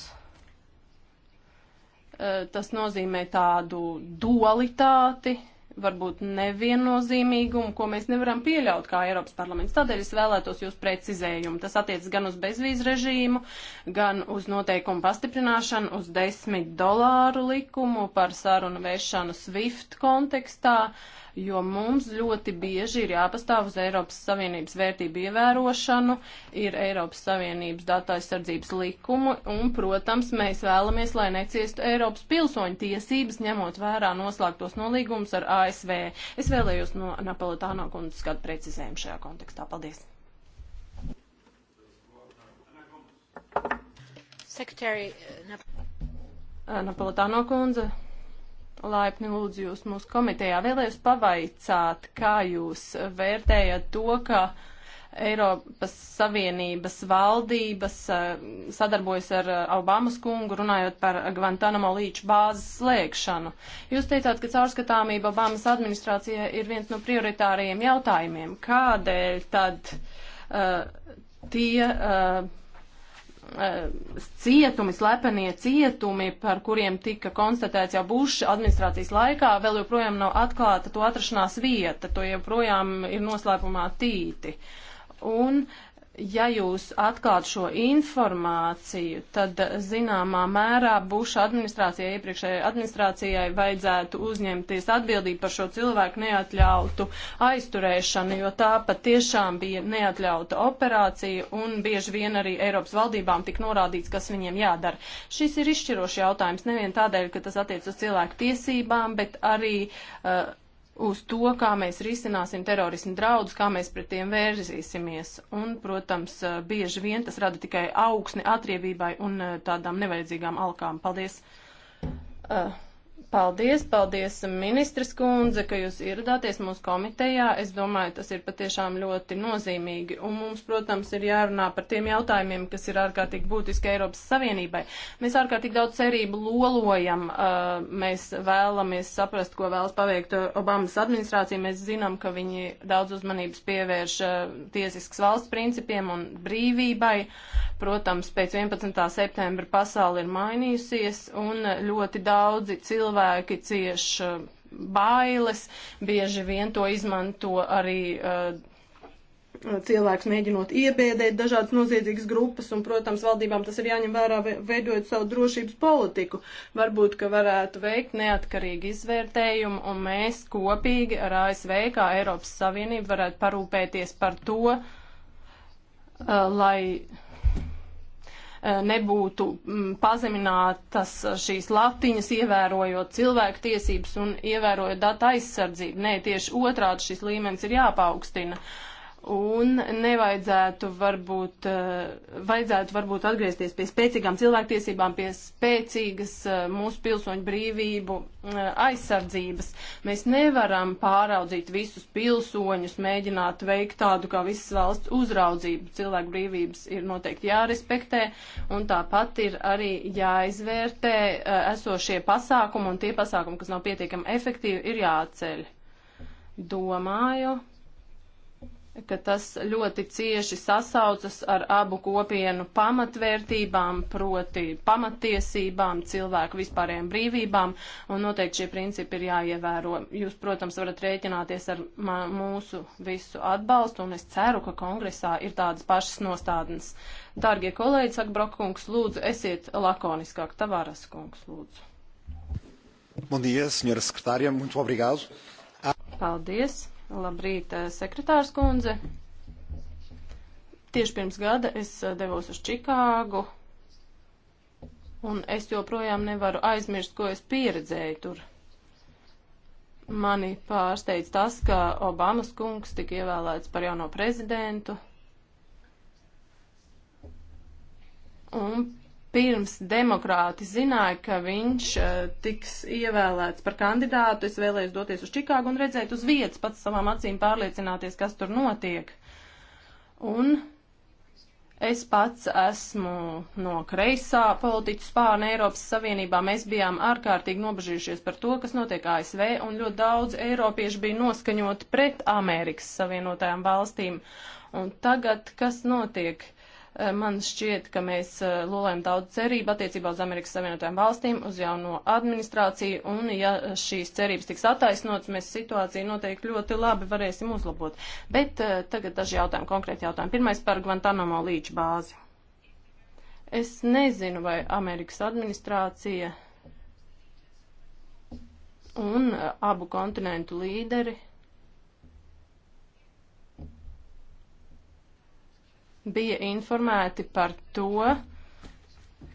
eh, tas nozīmē tādu dualitāti, varbūt neviennozīmīgumu, ko mēs nevaram pieļaut kā Eiropas parlaments. Tādēļ es vēlētos jūs precizējumu. Tas attiec gan uz bezvīzu režīmu, gan uz noteikumu pastiprināšanu, uz desmit dolāru likumu par sarunu vēršanu SWIFT kontekstā. Uh, jo mums ļoti bieži ir jāpastāv uz Eiropas Savienības vērtību ievērošanu, ir Eiropas Savienības datu aizsardzības likumu, un, protams, mēs vēlamies, lai neciestu Eiropas pilsoņu tiesības, ņemot vērā noslēgtos nolīgumus ar ASV. Es vēlējos no Napolitāno kundzes kādu precizējumu šajā kontekstā. Paldies! Sekretāri uh, uh, Napolitāno kundze. Laipni lūdzu jūs mūsu komitejā. Vēlējos pavaicāt, kā jūs vērtējat to, ka Eiropas Savienības valdības eh, sadarbojas ar eh, Obamas kungu, runājot par Guantanamo līču bāzes slēgšanu. Jūs teicāt, ka caurskatāmība Obamas administrācijai ir viens no prioritārajiem jautājumiem. Kādēļ tad uh, tie. Uh, Eh, cietumi, slepenie cietumi, par kuriem tika konstatēts jau Buša administrācijas laikā, vēl joprojām nav atklāta to atrašanās vieta, to joprojām ir noslēpumā tīti. Un uh, ja jūs atklāt šo informāciju, tad zināmā mērā būšu administrācijai, iepriekšējai administrācijai vajadzētu uzņemties atbildību par šo cilvēku neatļautu aizturēšanu, jo tā pat tiešām bija neatļauta operācija un bieži vien arī Eiropas valdībām tik norādīts, kas viņiem jādara. Šis ir izšķirošs jautājums nevien tādēļ, ka tas attiec uz cilvēku tiesībām, bet arī uh, uz to, kā mēs risināsim terorismu draudus, kā mēs pret tiem vērzīsimies. Un, protams, eh, bieži vien tas rada tikai augsni atriebībai un eh, tādām nevajadzīgām alkām. Paldies! Uh. Paldies, paldies, ministras kundze, ka jūs ieradāties mūsu komitejā. Es domāju, tas ir patiešām ļoti nozīmīgi. Un mums, protams, ir jārunā par tiem jautājumiem, kas ir ārkārtīgi būtiski Eiropas Savienībai. Mēs ārkārtīgi daudz cerību lolojam. Uh, mēs vēlamies saprast, ko vēlas paveikt Obamas administrācija. Mēs zinām, ka viņi daudz uzmanības pievērš uh, tiesisks valsts principiem un brīvībai. Protams, pēc 11. septembra pasauli ir mainījusies un ļoti daudzi cilvēki cilvēki cieš eh, bailes, bieži vien to izmanto arī eh, cilvēks mēģinot iebiedēt dažādas noziedzīgas grupas, un, protams, valdībām tas ir jāņem vērā, veidojot savu drošības politiku. Varbūt, ka varētu veikt neatkarīgu izvērtējumu, un mēs kopīgi ar ASV, kā Eiropas Savienība, varētu parūpēties par to, eh, lai Eh, nebūtu mm, pazeminātas šīs latiņas, ievērojot cilvēku tiesības un ievērojot datu aizsardzību. Nē, tieši otrādi šis līmenis ir jāpaukstina. Uh, Un nevajadzētu varbūt, eh, vajadzētu varbūt atgriezties pie spēcīgām cilvēktiesībām, pie spēcīgas eh, mūsu pilsoņu brīvību eh, aizsardzības. Mēs nevaram pāraudzīt visus pilsoņus, mēģināt veikt tādu kā visas valsts uzraudzību. Cilvēku brīvības ir noteikti jārespektē, un tāpat ir arī jāizvērtē esošie pasākumi, un tie pasākumi, kas nav pietiekami efektīvi, ir jāatceļ. Domāju, ka tas ļoti cieši sasaucas ar abu kopienu pamatvērtībām, proti pamatiesībām, cilvēku vispārējām brīvībām, un noteikti šie principi ir jāievēro. Jūs, protams, varat rēķināties ar mūsu visu atbalstu, un es ceru, ka kongresā ir tādas pašas nostādnes. Dārgie kolēģi, saka Brokkungs, lūdzu, esiet lakoniskāk, Tavaras kungs, lūdzu. Bom dia, senhora secretária, muito obrigado. Paldies. Labrīt, eh, sekretārs kundze. Tieši pirms gada es eh, devos uz Čikāgu, un es joprojām nevaru aizmirst, ko es pieredzēju tur. Mani pārsteidz tas, ka Obamas kungs tika ievēlēts par jauno prezidentu. Un pirms demokrāti zināja, ka viņš uh, tiks ievēlēts par kandidātu, es vēlējos doties uz Čikāgu un redzēt uz vietas, pats savām acīm pārliecināties, kas tur notiek. Un es pats esmu no kreisā politiķu spārna Eiropas Savienībā. Mēs bijām ārkārtīgi nobežījušies par to, kas notiek ASV, un ļoti daudz eiropiešu bija noskaņoti pret Amerikas Savienotajām valstīm. Un tagad, kas notiek? Uh, Eh, man šķiet, ka mēs eh, lolējam daudz cerību attiecībā uz Amerikas Savienotajām valstīm, uz jauno administrāciju, un ja šīs cerības tiks attaisnotas, mēs situāciju noteikti ļoti labi varēsim uzlabot. Bet eh, tagad daži jautājumi, konkrēti jautājumi. Pirmais par Guantanamo līča bāzi. Es nezinu, vai Amerikas administrācija un abu kontinentu līderi bija informēti par to,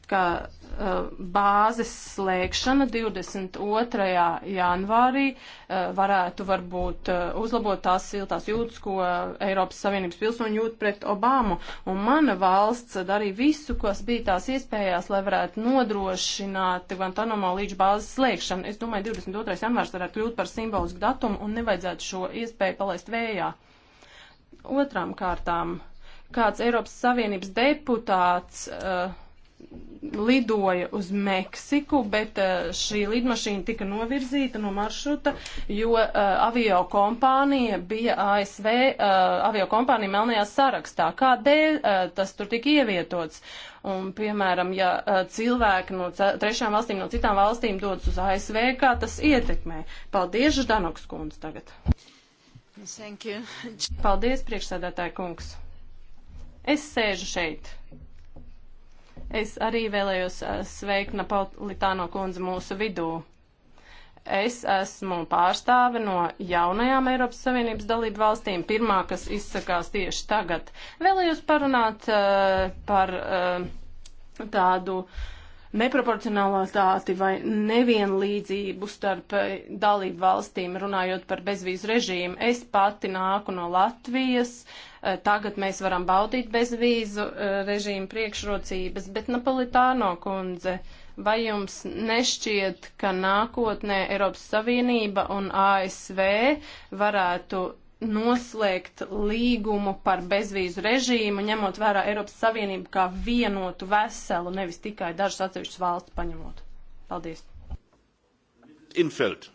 ka uh, bāzes slēgšana 22. janvārī uh, varētu varbūt uh, uzlabot tās siltās jūtas, ko Eiropas Savienības pilsoņi jūt pret Obamu. Un mana valsts darīja visu, kas bija tās iespējās, lai varētu nodrošināt Guantanamo līdz bāzes slēgšanu. Es domāju, 22. janvārs varētu kļūt par simbolisku datumu un nevajadzētu šo iespēju palaist vējā. Otrām kārtām. Uh, kāds Eiropas Savienības deputāts uh, lidoja uz Meksiku, bet uh, šī lidmašīna tika novirzīta no maršruta, jo uh, avio kompānija bija ASV uh, avio kompānija melnajā sarakstā. Kādēļ uh, tas tur tika ievietots? Un, piemēram, ja uh, cilvēki no trešām valstīm, no citām valstīm dodas uz ASV, kā tas ietekmē? Paldies, Ždanoks kundze tagad. Paldies, priekšsēdētāji kungs. Es sēžu šeit. Es arī vēlējos eh, sveikt Napolitāno kundzi mūsu vidū. Es esmu pārstāve no jaunajām Eiropas Savienības dalību valstīm, pirmā, kas izsakās tieši tagad. Vēlējos parunāt uh, par uh, tādu uh, neproporcionalitāti vai nevienlīdzību starp eh, dalību valstīm, runājot par bezvīzu režīmu. Es pati nāku no Latvijas, eh, tagad mēs varam baudīt bezvīzu eh, režīmu priekšrocības, bet Napolitāno kundze, vai jums nešķiet, ka nākotnē Eiropas Savienība un ASV varētu noslēgt līgumu par bezvīzu režīmu, ņemot vērā Eiropas Savienību kā vienotu veselu, nevis tikai dažas atsevišķas valsts paņemot. Paldies. Infeld.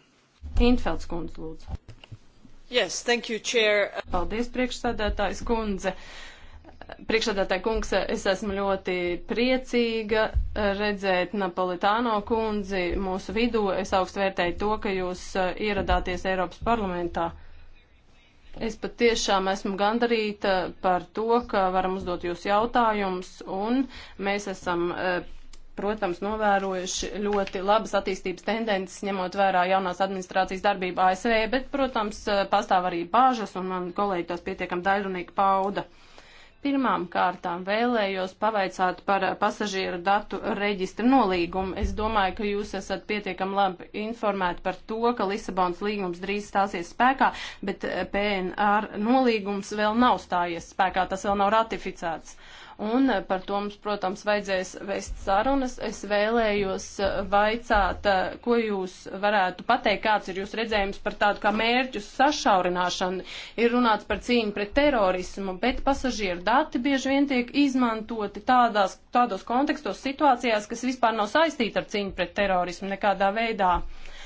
Infelds kundze, lūdzu. Yes, thank you, chair. Paldies, priekšsādātājs kundze. Priekšsādātāja kungs, es esmu ļoti priecīga redzēt Napolitāno kundzi mūsu vidū. Es augstu vērtēju to, ka jūs ieradāties Eiropas parlamentā. Uh, Es patiešām esmu gandarīta par to, ka varam uzdot jūs jautājumus, un mēs esam, e, protams, novērojuši ļoti labas attīstības tendences, ņemot vērā jaunās administrācijas darbību ASV, bet, protams, e, pastāv arī bāžas, un man kolēģi tās pietiekam daļrunīgi pauda. Uh, Pirmām kārtām vēlējos pavaicāt par pasažieru datu reģistra nolīgumu. Es domāju, ka jūs esat pietiekami labi informēti par to, ka Lisabons līgums drīz stāsies spēkā, bet PNR nolīgums vēl nav stājies spēkā, tas vēl nav ratificēts un par to mums, protams, vajadzēs veist sarunas. Es vēlējos vaicāt, ko jūs varētu pateikt, kāds ir jūs redzējums par tādu kā mērķu sašaurināšanu. Ir runāts par cīņu pret terorismu, bet pasažieru dati bieži vien tiek izmantoti tādās, tādos kontekstos situācijās, kas vispār nav saistīti ar cīņu pret terorismu nekādā veidā. Uh,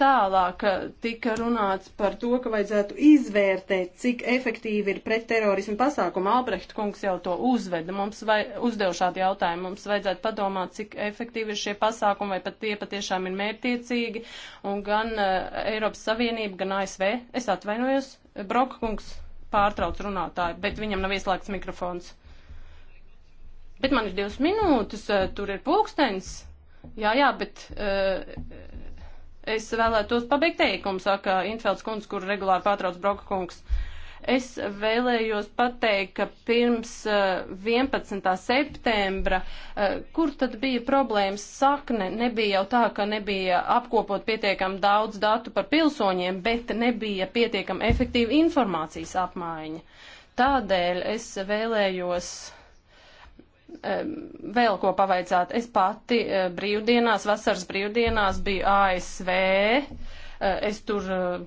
Tālāk eh, tika runāts par to, ka vajadzētu izvērtēt, cik efektīvi ir pretterorismu pasākumi. Albrecht kungs jau to uzveda. Mums vai, uzdev šādu jautājumu. Mums vajadzētu padomāt, cik efektīvi ir šie pasākumi, vai pat tie patiešām ir mērtiecīgi. Un gan uh, Eiropas Savienība, gan ASV. Es atvainojos, Broka kungs pārtrauc runātāju, bet viņam nav ieslēgts mikrofons. Bet man ir divas minūtes, uh, tur ir pulkstens. Jā, jā, bet. Uh, Es vēlētos pabeigt teikumu, saka Infelds kundze, kur regulāri pārtrauc Broka kungs. Es vēlējos pateikt, ka pirms 11. Eh, septembra, eh, kur tad bija problēmas sakne, nebija jau tā, ka nebija apkopot pietiekam daudz datu par pilsoņiem, bet nebija pietiekam efektīva informācijas apmaiņa. Tādēļ es vēlējos uh, vēl ko pavaicāt. Es pati eh, brīvdienās, vasaras brīvdienās biju ASV. Eh, es tur eh,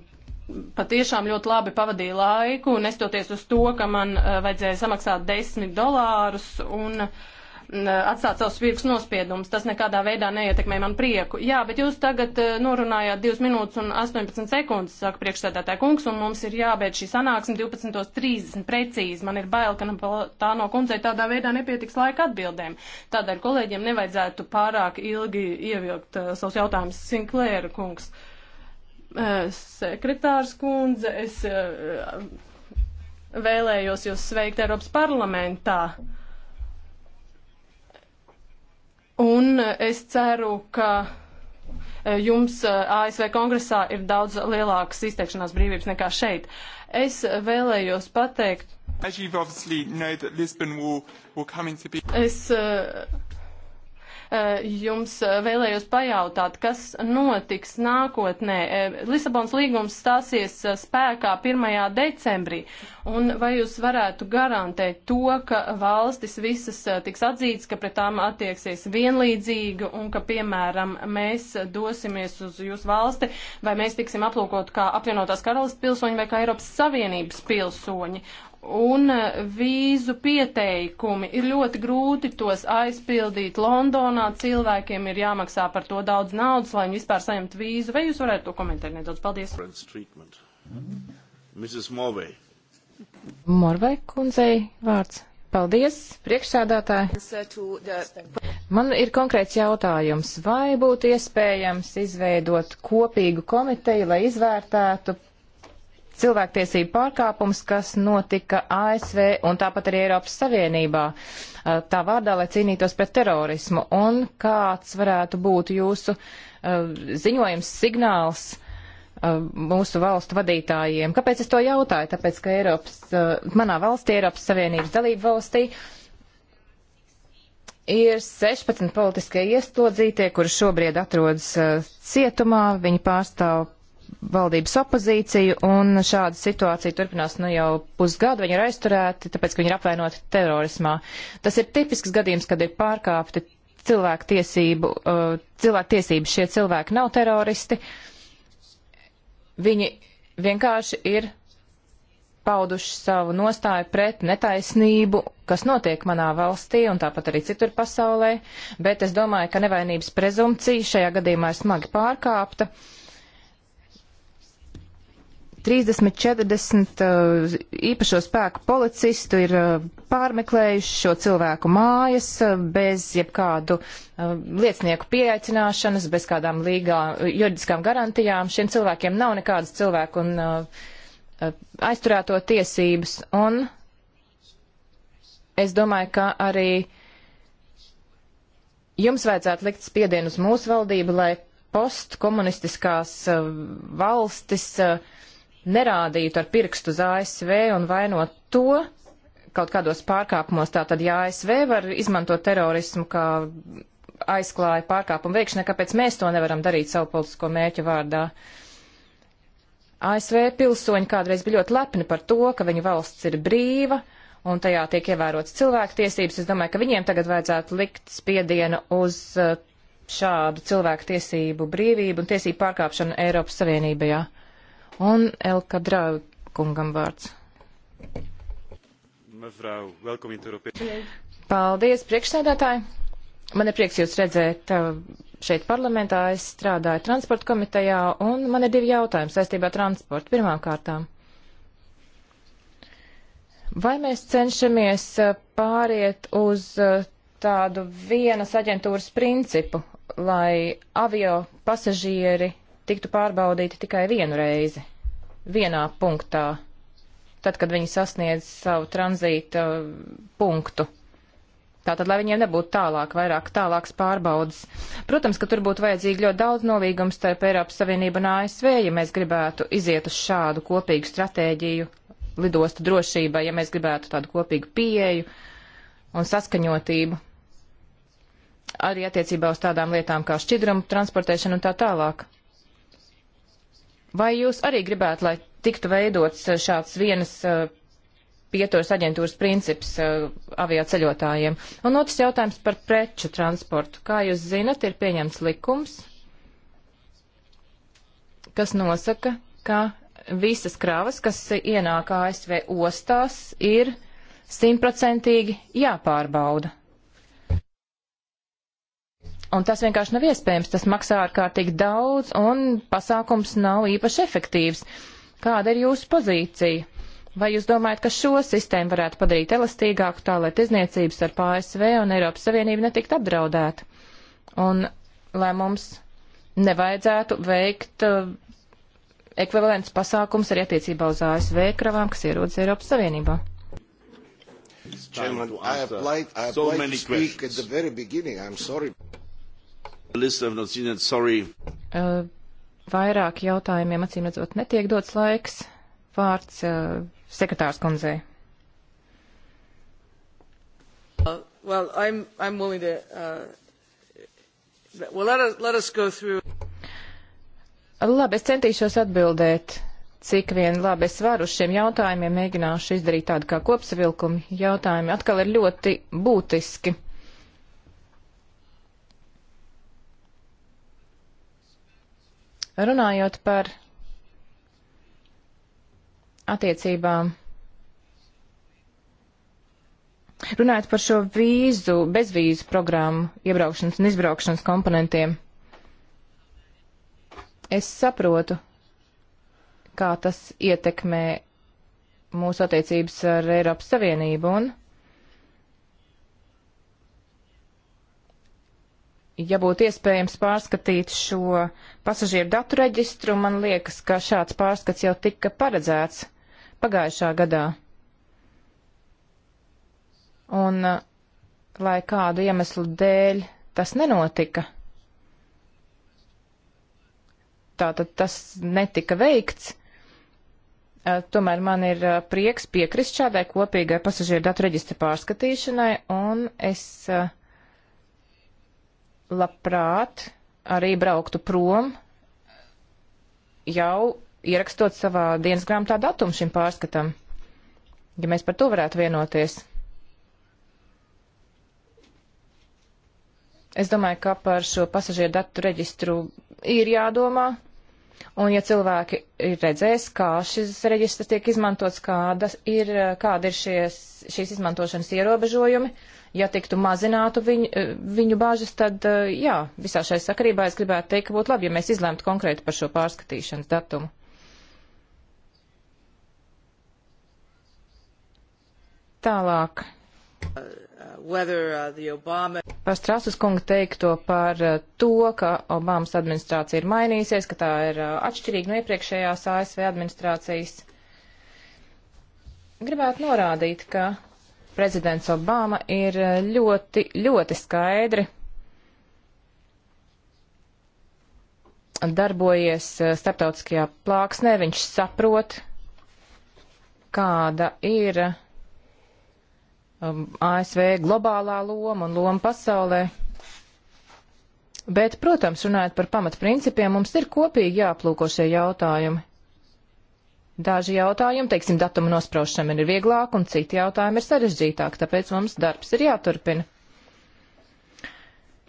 patiešām ļoti labi pavadīju laiku, nestoties uz to, ka man vajadzēja samaksāt 10 dolārus un uh, atstāt savus vīrus nospiedumus. Tas nekādā veidā neietekmē man prieku. Jā, bet jūs tagad e, norunājāt 2 minūtes un 18 sekundes, saka priekšstādātāja kungs, un mums ir jābeidz šī sanāksme 12.30 precīzi. Man ir bail, ka nu tā no kundzei tādā veidā nepietiks laika atbildēm. Tādēļ kolēģiem nevajadzētu pārāk ilgi ievilkt uh, savus jautājumus Sinklēra kungs. Uh, sekretārs kundze, es uh, vēlējos jūs sveikt Eiropas parlamentā. Uh, Un es ceru, ka e, jums e, ASV kongresā ir daudz lielākas izteikšanās brīvības nekā šeit. Es vēlējos pateikt. As you've obviously know that Lisbon will, will come into being. Es, uh, Eh, jums eh, vēlējos pajautāt, kas notiks nākotnē. Eh, Lisabons līgums stāsies spēkā 1. decembrī, un vai jūs varētu garantēt to, ka valstis visas tiks atzīts, ka pret tām attieksies vienlīdzīgi, un ka, piemēram, mēs dosimies uz jūsu valsti, vai mēs tiksim aplūkot kā apvienotās karalists pilsoņi vai kā Eiropas Savienības pilsoņi, un e, vīzu pieteikumi. Ir ļoti grūti tos aizpildīt Londonā. Cilvēkiem ir jāmaksā par to daudz naudas, lai viņi vispār saņemtu vīzu. Vai jūs varētu to komentēt nedaudz? Paldies. Morvai kundzei vārds. Paldies, priekšsēdātāji. Man ir konkrēts jautājums. Vai būtu iespējams izveidot kopīgu komiteju, lai izvērtētu cilvēktiesību pārkāpums, kas notika ASV un tāpat arī Eiropas Savienībā, uh, tā vārdā, lai cīnītos pret terorismu. Un kāds varētu būt jūsu uh, ziņojums, signāls? Uh, mūsu valstu vadītājiem. Kāpēc es to jautāju? Tāpēc, ka Eiropas, manā valstī, Eiropas Savienības dalību valstī, ir 16 politiskie ieslodzītie, kuri šobrīd atrodas cietumā. Viņi pārstāv valdības opozīciju, un šāda situācija turpinās nu jau pusgadu. Viņi ir aizturēti, tāpēc, ka viņi ir apvainoti terorismā. Tas ir tipisks gadījums, kad ir pārkāpti cilvēku tiesību, uh, cilvēku tiesības. Šie cilvēki nav teroristi. Viņi vienkārši ir pauduši savu nostāju pret netaisnību, kas notiek manā valstī un tāpat arī citur pasaulē, bet es domāju, ka nevainības prezumcija šajā gadījumā ir smagi pārkāpta. Uh, 30, 40 eh, īpašo spēku policistu ir eh, pārmeklējuši šo cilvēku mājas eh, bez jebkādu liecinieku pieaicināšanas, bez kādām līgā, juridiskām garantijām. Šiem cilvēkiem nav nekādas cilvēku un aizturēto tiesības. Un es domāju, ka arī jums vajadzētu likt spiedienu uz mūsu valdību, lai postkomunistiskās valstis uh, nerādītu ar pirkstu uz ASV un vainot to kaut kādos pārkāpumos. Tātad, ja ASV var izmantot terorismu kā aizklāja pārkāpumu veikšanai, kāpēc mēs to nevaram darīt savu politisko mērķu vārdā? ASV pilsoņi kādreiz bija ļoti lepni par to, ka viņu valsts ir brīva un tajā tiek ievērotas cilvēktiesības. Es domāju, ka viņiem tagad vajadzētu likt spiedienu uz uh, šādu cilvēku tiesību brīvību un tiesību pārkāpšanu Eiropas Savienībā. Un Elka Drau kungam vārds. Mevrau, welcome into European. Paldies, priekšsēdētāji. Man ir prieks jūs redzēt uh, šeit parlamentā. Es strādāju transporta komitejā un man ir divi jautājumi saistībā ar transportu. Pirmām kārtām. Vai mēs cenšamies uh, pāriet uz uh, tādu vienas aģentūras principu, lai avio pasažieri tiktu pārbaudīti tikai vienu reizi, vienā punktā, tad, kad viņi sasniedz savu tranzīta uh, punktu. Tātad, lai viņiem nebūtu tālāk, vairāk tālāks pārbaudas. Protams, ka tur būtu vajadzīgi ļoti daudz novīgums starp Eiropas Savienību un ASV, ja mēs gribētu iziet uz šādu kopīgu stratēģiju lidostu drošībai, ja mēs gribētu tādu kopīgu pieeju un saskaņotību arī attiecībā uz tādām lietām kā šķidrumu transportēšana un tā tālāk. Vai jūs arī gribētu, lai tiktu veidots eh, šāds vienas eh, pieturas aģentūras princips eh, avioceļotājiem? Un otrs jautājums par preču transportu. Kā jūs zinat, ir pieņemts likums, kas nosaka, ka visas kravas, kas ienāk ASV ostās, ir simtprocentīgi jāpārbauda. Un tas vienkārši nav iespējams, tas maksā ārkārtīgi daudz un pasākums nav īpaši efektīvs. Kāda ir jūsu pozīcija? Vai jūs domājat, ka šo sistēmu varētu padarīt elastīgāku tā, lai tirzniecības ar PSV un Eiropas Savienību netikt apdraudēta? Un lai mums nevajadzētu veikt uh, ekvivalents pasākums arī attiecībā uz ASV kravām, kas ierodas Eiropas Savienībā? Chairman, I applied, I applied so to speak questions. at the very beginning. I'm sorry. Uh, vairāk jautājumiem acīm redzot netiek dots laiks. Vārds uh, sekretārs kundzei. Uh, well, I'm, I'm willing to, uh, well, let us, let us go through. Labi, es centīšos atbildēt, cik vien labi es varu uz šiem jautājumiem, mēģināšu izdarīt tādu kā kopsavilkumu. Jautājumi atkal ir ļoti būtiski. Runājot par attiecībām. Runājot par šo vīzu, bezvīzu programmu, iebraukšanas un izbraukšanas komponentiem, es saprotu, kā tas ietekmē mūsu attiecības ar Eiropas Savienību un ja būtu iespējams pārskatīt šo pasažieru datu reģistru, man liekas, ka šāds pārskats jau tika paredzēts pagājušā gadā. Un uh, lai kādu iemeslu dēļ tas nenotika. Tātad tas netika veikts. Uh, tomēr man ir uh, prieks piekrist šādai kopīgai pasažieru datu reģistra pārskatīšanai, un es uh, labprāt arī brauktu prom jau ierakstot savā dienas grāmatā datumu šim pārskatam, ja mēs par to varētu vienoties. Es domāju, ka par šo pasažieru datu reģistru ir jādomā, un ja cilvēki ir redzējis, kā šis reģistrs tiek izmantots, kādas ir, kāda ir šies, šīs izmantošanas ierobežojumi, uh, ja tiktu mazinātu viņu, eh, viņu bāžas, tad, eh, jā, visā šai sakarībā es gribētu teikt, ka būtu labi, ja mēs izlemtu konkrēti par šo pārskatīšanas datumu. Tālāk. Uh, par Strasas kungu teikto par eh, to, ka Obamas administrācija ir mainīsies, ka tā ir atšķirīga no iepriekšējās ASV administrācijas. Gribētu norādīt, ka prezidents Obama ir eh, ļoti, ļoti skaidri darbojies eh, starptautiskajā plāksnē, viņš saprot, kāda ir um, ASV globālā loma un loma pasaulē. Bet, protams, runājot par pamatprincipiem, mums ir kopīgi jāplūko šie jautājumi. Daži jautājumi, teiksim, datuma nospraušana ir vieglāk, un citi jautājumi ir sarežģītāk, tāpēc mums darbs ir jāturpina.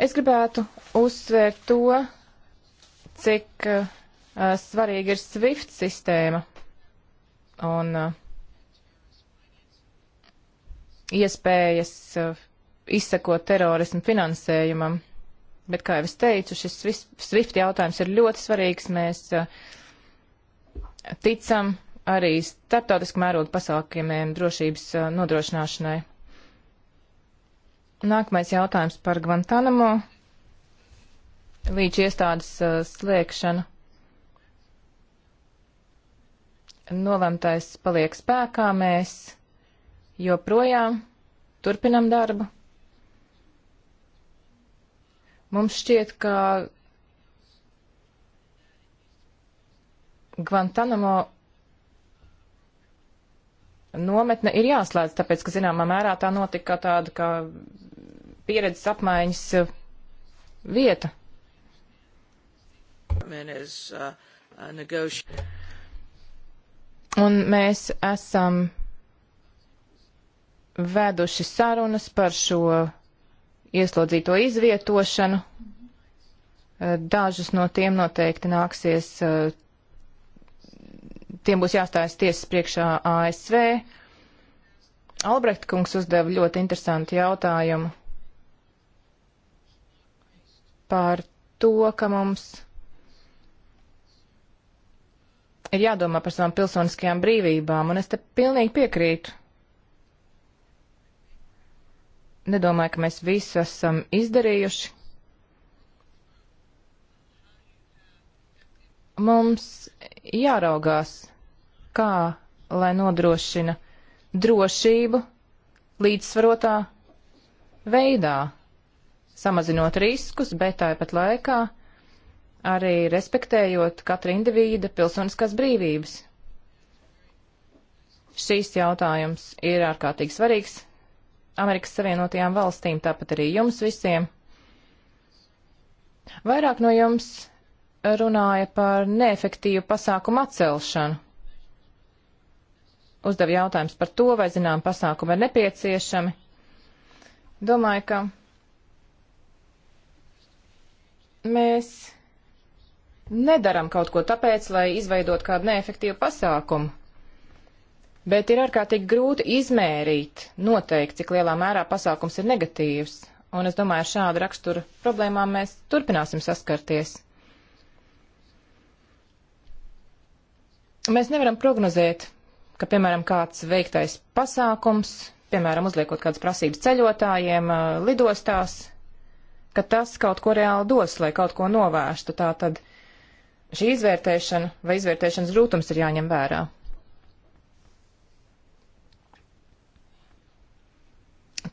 Es gribētu uzsvērt to, cik uh, svarīga ir SWIFT sistēma un uh, iespējas uh, izsekot terorismu finansējumam. Bet, kā jau es teicu, šis SWIFT jautājums ir ļoti svarīgs. Mēs uh, ticam arī starptautisku mērogu pasākumiem drošības uh, nodrošināšanai. Nākamais jautājums par Guantanamo līdz iestādes uh, slēgšanu. Nolemtais paliek spēkā, mēs joprojām turpinam darbu. Mums šķiet, ka Guantanamo nometne ir jāslēdz, tāpēc, ka zināmā mērā tā notika kā tāda kā pieredzes apmaiņas uh, vieta. Un mēs esam veduši sarunas par šo ieslodzīto izvietošanu. Dažus no tiem noteikti nāksies uh, tiem būs jāstājas tiesas priekšā ASV. Albrecht kungs uzdeva ļoti interesantu jautājumu par to, ka mums ir jādomā par savām pilsoniskajām brīvībām, un es te pilnīgi piekrītu. Nedomāju, ka mēs visu esam izdarījuši. Mums jāraugās, kā lai nodrošina drošību līdzsvarotā veidā, samazinot riskus, bet tāpat laikā arī respektējot katra indivīda pilsoniskās brīvības. Šīs jautājums ir ārkārtīgi svarīgs Amerikas Savienotajām valstīm, tāpat arī jums visiem. Vairāk no jums runāja par neefektīvu pasākumu atcelšanu uzdeva jautājums par to, vai zinām pasākumi ir nepieciešami. Domāju, ka mēs nedaram kaut ko tāpēc, lai izveidot kādu neefektīvu pasākumu. Bet ir ārkārtīgi grūti izmērīt, noteikt, cik lielā mērā pasākums ir negatīvs, un es domāju, ar šādu raksturu problēmām mēs turpināsim saskarties. Mēs nevaram prognozēt ka, piemēram, kāds veiktais pasākums, piemēram, uzliekot kādas prasības ceļotājiem lidostās, ka tas kaut ko reāli dos, lai kaut ko novērstu. Tā tad šī izvērtēšana vai izvērtēšanas grūtums ir jāņem vērā.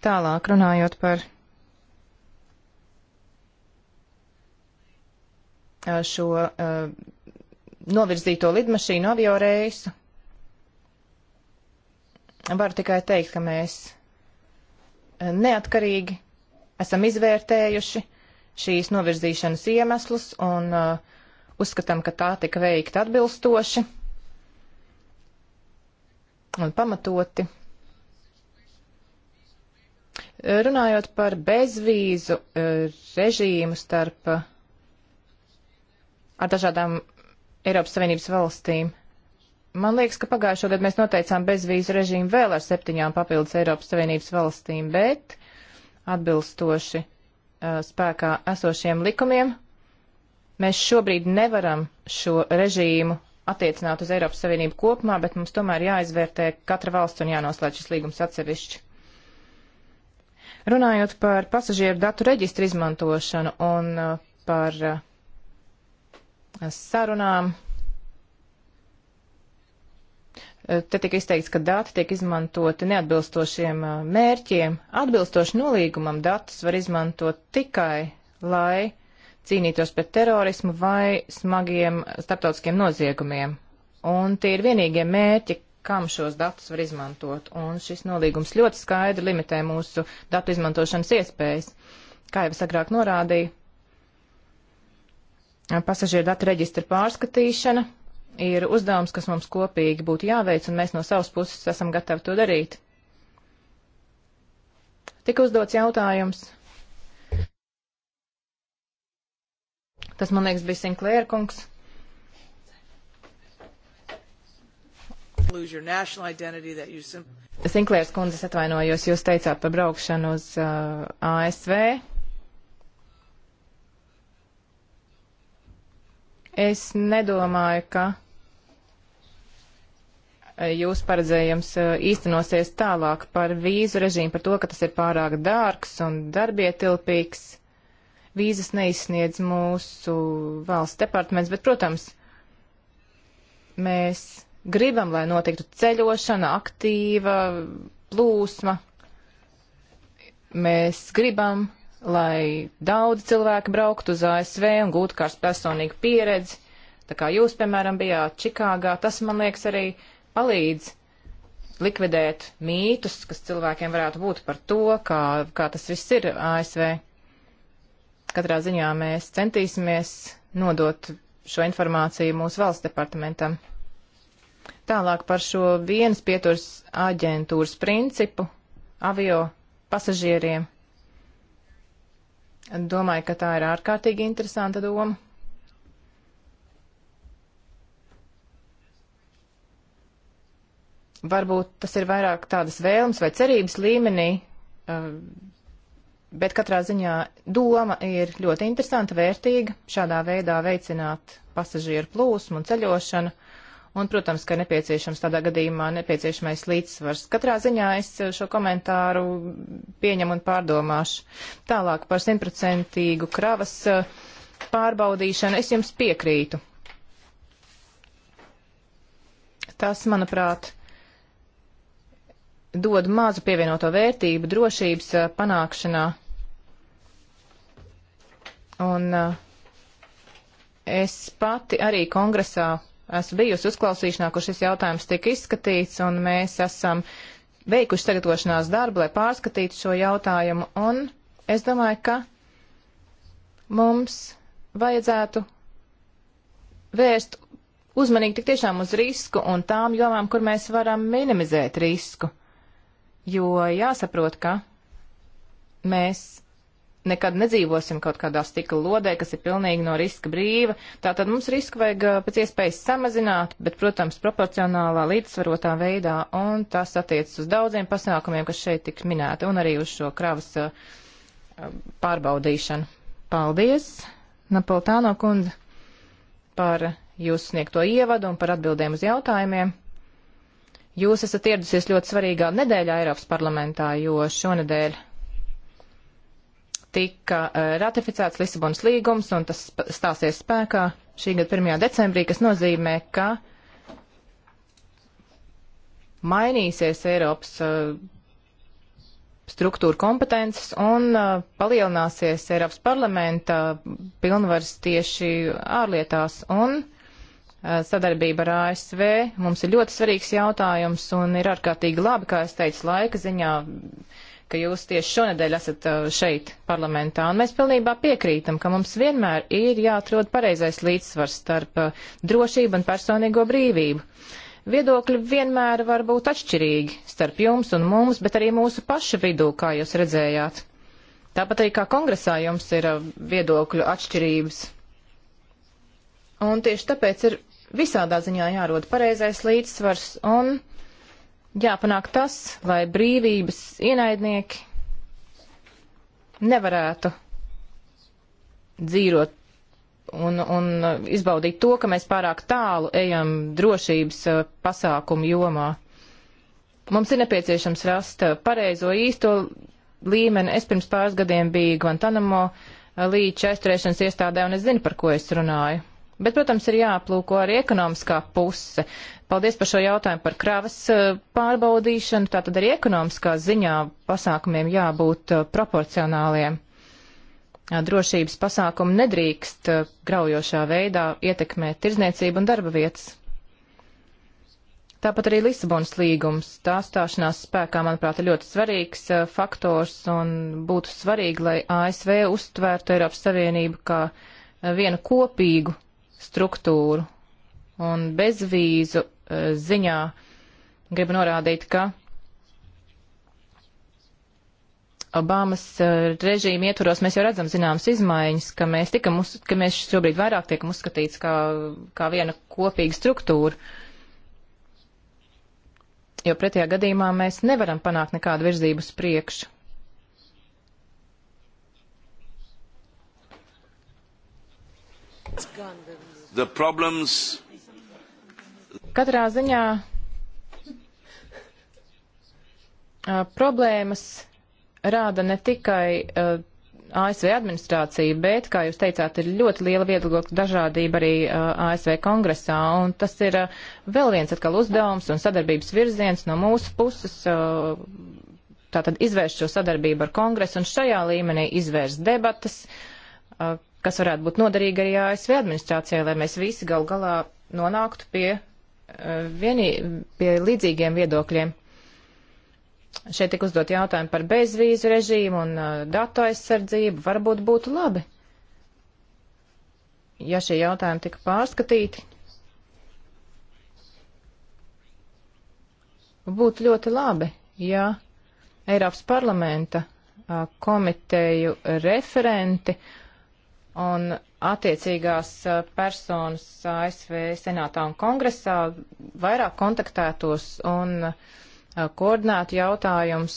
Tālāk runājot par šo uh, novirzīto lidmašīnu avioreisu, Varu tikai teikt, ka mēs e, neatkarīgi esam izvērtējuši šīs novirzīšanas iemeslus un uh, uzskatām, ka tā tika veikta atbilstoši un pamatoti. E, runājot par bezvīzu uh, režīmu starp uh, ar dažādām Eiropas Savienības valstīm, Man liekas, ka pagājušo gadu mēs noteicām bezvīzu režīmu vēl ar septiņām papildus Eiropas Savienības valstīm, bet atbilstoši uh, spēkā esošiem likumiem mēs šobrīd nevaram šo režīmu attiecināt uz Eiropas Savienību kopumā, bet mums tomēr jāizvērtē katra valsts un jānoslēdz šis līgums atsevišķi. Runājot par pasažieru datu reģistru izmantošanu un uh, par uh, sarunām Te tika izteikts, ka dati tiek izmantoti neatbilstošiem uh, mērķiem. Atbilstoši nolīgumam datus var izmantot tikai, lai cīnītos pret terorismu vai smagiem starptautiskiem noziegumiem. Un tie ir vienīgie mērķi, kam šos datus var izmantot. Un šis nolīgums ļoti skaidri limitē mūsu datu izmantošanas iespējas. Kā jau es agrāk norādīju, pasažieru datu reģistra pārskatīšana ir uzdevums, kas mums kopīgi būtu jāveic, un mēs no savas puses esam gatavi to darīt. Tik uzdots jautājums. Tas, man liekas, bija Sinklēra kungs. Sinklērs kundzes atvainojos, jūs teicāt par braukšanu uz uh, ASV. Es nedomāju, ka jūs paredzējums uh, īstenosies tālāk par vīzu režīmu, par to, ka tas ir pārāk dārgs un darbietilpīgs. Vīzas neizsniedz mūsu valsts departaments, bet, protams, mēs gribam, lai notiktu ceļošana, aktīva plūsma. Mēs gribam, lai daudz cilvēku brauktu uz ASV un gūtu kārs personīgu pieredzi. Tā kā jūs, piemēram, bijāt Čikāgā, tas, man liekas, arī uh, palīdz likvidēt mītus, kas cilvēkiem varētu būt par to, kā, kā tas viss ir ASV. Katrā ziņā mēs centīsimies nodot šo informāciju mūsu valsts departamentam. Tālāk par šo vienas pieturas aģentūras principu avio pasažieriem. Domāju, ka tā ir ārkārtīgi interesanta doma. Varbūt tas ir vairāk tādas vēlmes vai cerības līmenī, um, bet katrā ziņā doma ir ļoti interesanta, vērtīga, šādā veidā veicināt pasažieru plūsmu un ceļošanu. Un, protams, ka nepieciešams tādā gadījumā nepieciešamais līdzsvars. Katrā ziņā es šo komentāru pieņemu un pārdomāšu. Tālāk par simtprocentīgu kravas uh, pārbaudīšanu es jums piekrītu. Tas, manuprāt, dod mazu pievienoto vērtību drošības eh, panākšanā. Un eh, es pati arī kongresā esmu bijusi uzklausīšanā, kur šis jautājums tika izskatīts, un mēs esam veikuši sagatavošanās darbu, lai pārskatītu šo jautājumu, un es domāju, ka mums vajadzētu vērst uzmanīgi tik tiešām uz risku un tām jomām, kur mēs varam minimizēt risku jo jāsaprot, ka mēs nekad nedzīvosim kaut kādā stikla lodē, kas ir pilnīgi no riska brīva. Tātad mums risku vajag pēc iespējas samazināt, bet, protams, proporcionālā līdzsvarotā veidā, un tas attiecas uz daudziem pasākumiem, kas šeit tiks minēti, un arī uz šo kravas pārbaudīšanu. Paldies, Napoltāno kundze, par jūsu sniegto ievadu un par atbildēm uz jautājumiem. Jūs esat ieradusies ļoti svarīgā nedēļā Eiropas parlamentā, jo šonadēļ tika eh, ratificēts Lisabonas līgums un tas stāsies spēkā šī gada 1. decembrī, kas nozīmē, ka mainīsies Eiropas eh, struktūra kompetences un eh, palielināsies Eiropas parlamenta pilnvars tieši ārlietās un Uh, sadarbība ar ASV mums ir ļoti svarīgs jautājums un ir ārkārtīgi labi, kā es teicu, laika ziņā, ka jūs tieši šonedēļ esat uh, šeit parlamentā. Un mēs pilnībā piekrītam, ka mums vienmēr ir jāatrod pareizais līdzsvars starp uh, drošību un personīgo brīvību. Viedokļi vienmēr var būt atšķirīgi starp jums un mums, bet arī mūsu paša vidū, kā jūs redzējāt. Tāpat arī kā kongresā jums ir viedokļu atšķirības. Un tieši tāpēc ir visādā ziņā jārod pareizais līdzsvars un jāpanāk tas, lai brīvības ienaidnieki nevarētu dzīvot un, un izbaudīt to, ka mēs pārāk tālu ejam drošības eh, pasākumu jomā. Mums ir nepieciešams rast eh, pareizo īsto līmeni. Es pirms pāris gadiem biju Guantanamo eh, līča aizturēšanas iestādē, un es zinu, par ko es runāju. Bet, protams, ir jāaplūko arī ekonomiskā puse. Paldies par šo jautājumu par kravas eh, pārbaudīšanu. Tātad arī ekonomiskā ziņā pasākumiem jābūt eh, proporcionāliem. Eh, drošības pasākumi nedrīkst graujošā veidā ietekmēt tirzniecību un darba vietas. Tāpat arī Lisabonas līgums. Tā stāšanās spēkā, manuprāt, ir ļoti svarīgs faktors un būtu svarīgi, lai ASV uztvērtu Eiropas Savienību kā vienu kopīgu struktūru. Un bezvīzu eh, ziņā gribu norādīt, ka Obamas eh, režīma ietvaros mēs jau redzam zināmas izmaiņas, ka mēs, tikam, uz, ka mēs šobrīd vairāk tiekam uzskatīts kā, kā viena kopīga struktūra. Jo pretējā gadījumā mēs nevaram panākt nekādu virzību uz priekšu. It's gone problems... Katrā ziņā uh, problēmas rāda ne tikai uh, ASV administrācija, bet, kā jūs teicāt, ir ļoti liela viedokļa dažādība arī uh, ASV kongresā, un tas ir uh, vēl viens atkal uzdevums un sadarbības virziens no mūsu puses. Uh, Tātad izvērst šo sadarbību ar kongresu un šajā līmenī izvērst debatas, uh, kas varētu būt noderīga arī ASV administrācijai, lai mēs visi gal galā nonāktu pie, eh, vienī, pie līdzīgiem viedokļiem. Šeit tik uzdot jautājumu par bezvīzu režīmu un eh, datu aizsardzību. Varbūt būtu labi, ja šie jautājumi tika pārskatīti. Būtu ļoti labi, ja Eiropas parlamenta eh, komiteju referenti uh, un attiecīgās personas ASV senātā un kongresā vairāk kontaktētos un koordinētu jautājums,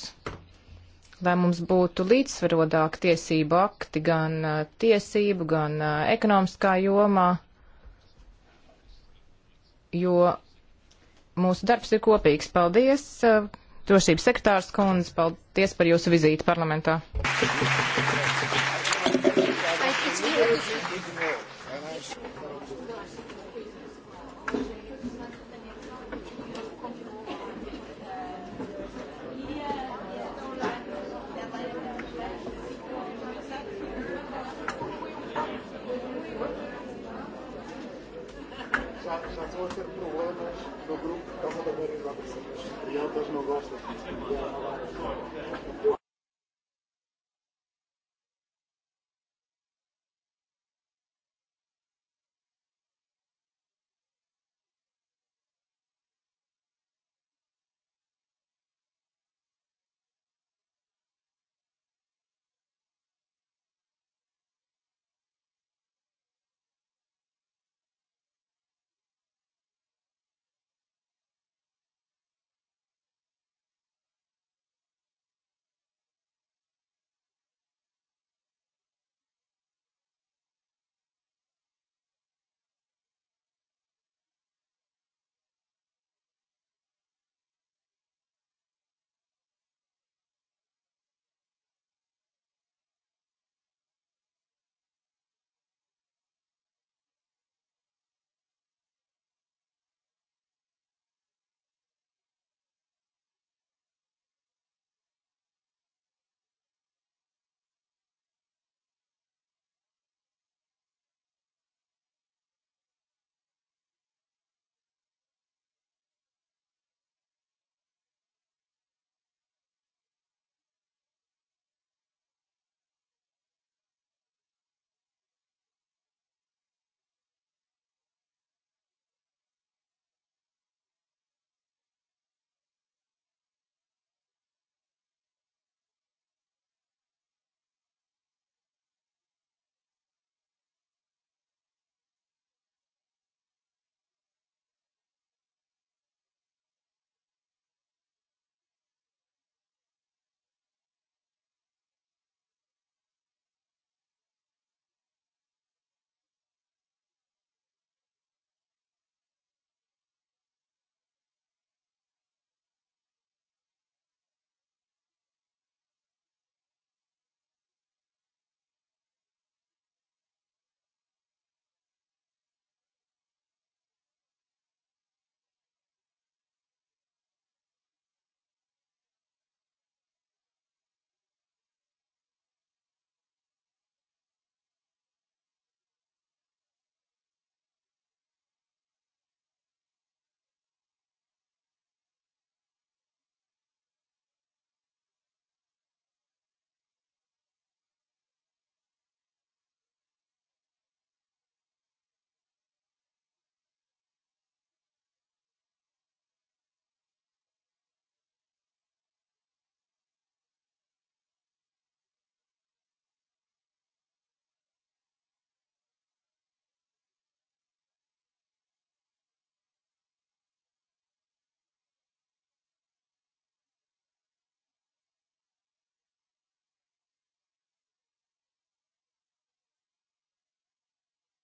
lai mums būtu līdzsvarotāk tiesību akti gan tiesību, gan ekonomiskā jomā, jo mūsu darbs ir kopīgs. Paldies, drošības sekretārs kundze, paldies par jūsu vizīti parlamentā. Aplausos.